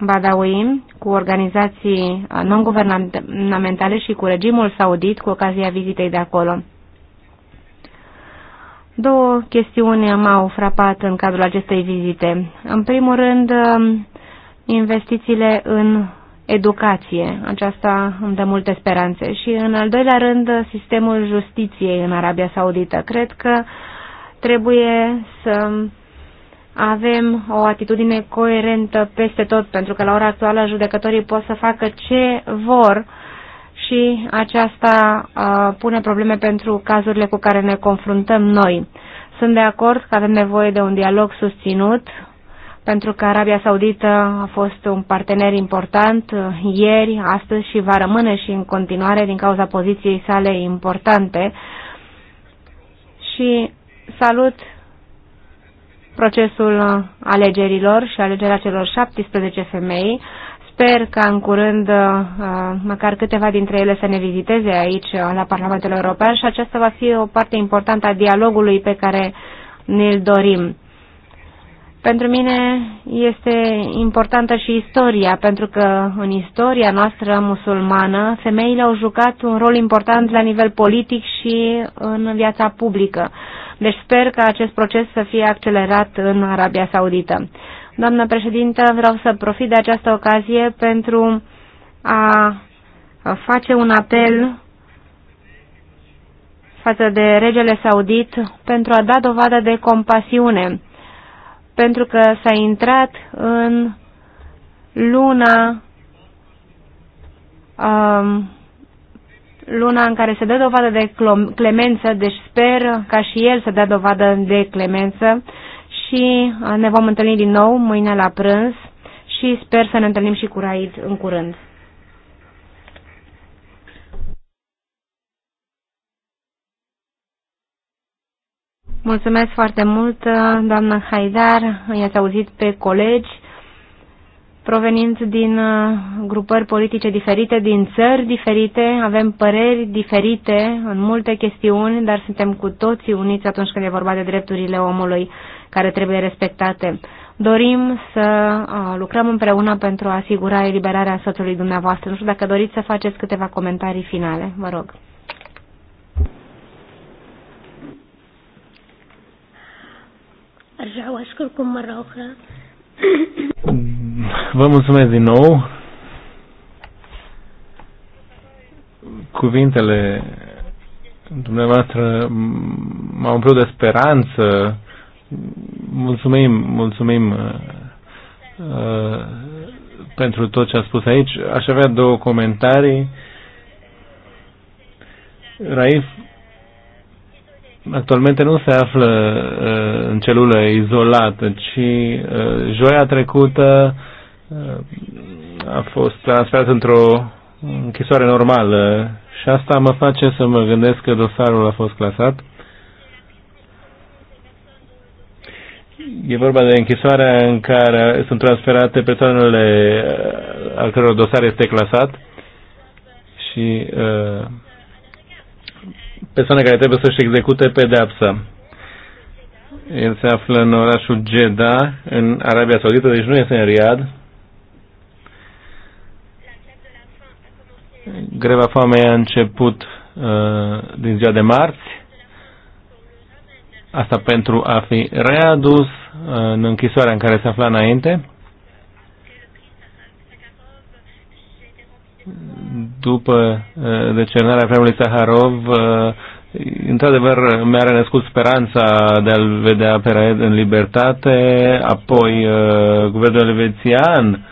Badawi cu organizații uh, non-guvernamentale și cu regimul saudit cu ocazia vizitei de acolo. Două chestiuni m-au frapat în cadrul acestei vizite. În primul rând, um, investițiile în educație. Aceasta îmi dă multe speranțe. Și în al doilea rând, sistemul justiției în Arabia Saudită. Cred că uh, Trebuie să avem o atitudine coerentă peste tot, pentru că la ora actuală judecătorii pot să facă ce vor și aceasta uh, pune probleme pentru cazurile cu care ne confruntăm noi. Sunt de acord că avem nevoie de un dialog susținut, pentru că Arabia Saudită a fost un partener important uh, ieri, astăzi și va rămâne și în continuare din cauza poziției sale importante. Și Salut procesul alegerilor și alegerea celor 17 femei. Sper ca în curând uh, măcar câteva dintre ele să ne viziteze aici uh, la Parlamentul European și aceasta va fi o parte importantă a dialogului pe care ne-l dorim. Pentru mine este importantă și istoria, pentru că în istoria noastră musulmană, femeile au jucat un rol important la nivel politic și în viața publică. Deci sper că acest proces să fie accelerat în Arabia Saudită. Doamnă președintă, vreau să profit de această ocazie pentru a face un apel față de regele saudit pentru a da dovadă de compasiune, pentru că s-a intrat în luna um, luna în care se dă dovadă de clemență, deci sper ca și el să dea dovadă de clemență și uh, ne vom întâlni din nou mâine la prânz și sper să ne întâlnim și cu Raid în curând. Mulțumesc foarte mult, uh, doamnă Haidar, i-ați auzit pe colegi provenind din uh, grupări politice diferite, din țări diferite, avem păreri diferite în multe chestiuni, dar suntem cu toții uniți atunci când e vorba de drepturile omului care trebuie respectate. Dorim să uh, lucrăm împreună pentru a asigura eliberarea soțului dumneavoastră. Nu știu dacă doriți să faceți câteva comentarii finale. Vă rog. ascult وأشكركم mă rog, Vă mulțumesc din nou. Cuvintele dumneavoastră m-au umplut de speranță. Mulțumim, mulțumim uh, uh pentru tot ce a spus aici. Aș avea două comentarii. Raif actualmente nu se află uh, în celulă izolată, ci uh, joia trecută uh, a fost transferat într-o închisoare normală și asta mă face să mă gândesc că dosarul a fost clasat. E vorba de închisoarea în care sunt transferate persoanele uh, al căror dosar este clasat și uh, persoane care trebuie să-și execute pedeapsa. El se află în orașul Jeddah, în Arabia Saudită, deci nu este în Riad. Greva foamei a început uh, din ziua de marți. Asta pentru a fi readus uh, în închisoarea în care se afla înainte după eh, decernarea premiului Saharov, eh, într-adevăr mi-a renăscut speranța de a-l vedea pe Raed în libertate, apoi eh, guvernul elvețian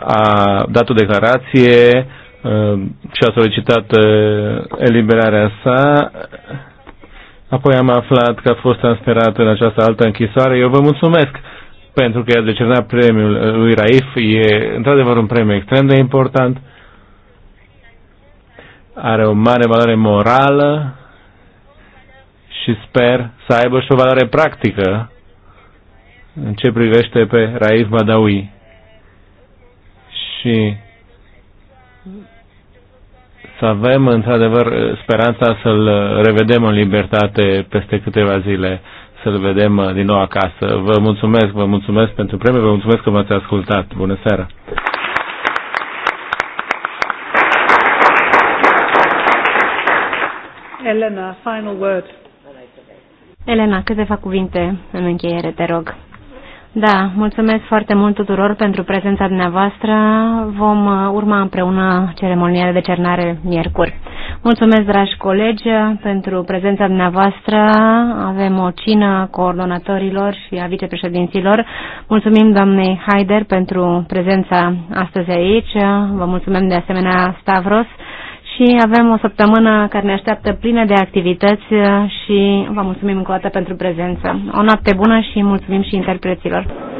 a dat o declarație și a solicitat eliberarea sa. Apoi am aflat că a fost transferat în această altă închisoare. Eu vă mulțumesc! pentru că a decernat premiul uh, lui Raif e într-adevăr un premiu extrem de important, are o mare valoare morală și sper să aibă și o valoare practică în ce privește pe Raif Badawi. Și să avem într-adevăr speranța să-l revedem în libertate peste câteva zile să-l vedem uh, din nou acasă. Vă mulțumesc, vă mulțumesc pentru premiu, vă mulțumesc că m-ați ascultat. Bună seara! Elena, final word. Elena, câteva cuvinte în încheiere, te rog. Da, mulțumesc foarte mult tuturor pentru prezența dumneavoastră. Vom uh, urma împreună ceremonia de cernare miercuri. Mulțumesc, dragi colegi, pentru prezența dumneavoastră. Avem o cină coordonatorilor și a vicepreședinților. Mulțumim doamnei Haider pentru prezența astăzi aici. Vă mulțumim de asemenea Stavros și avem o săptămână care ne așteaptă plină de activități uh, și vă mulțumim încă o dată pentru prezență. O noapte bună și mulțumim și interpreților.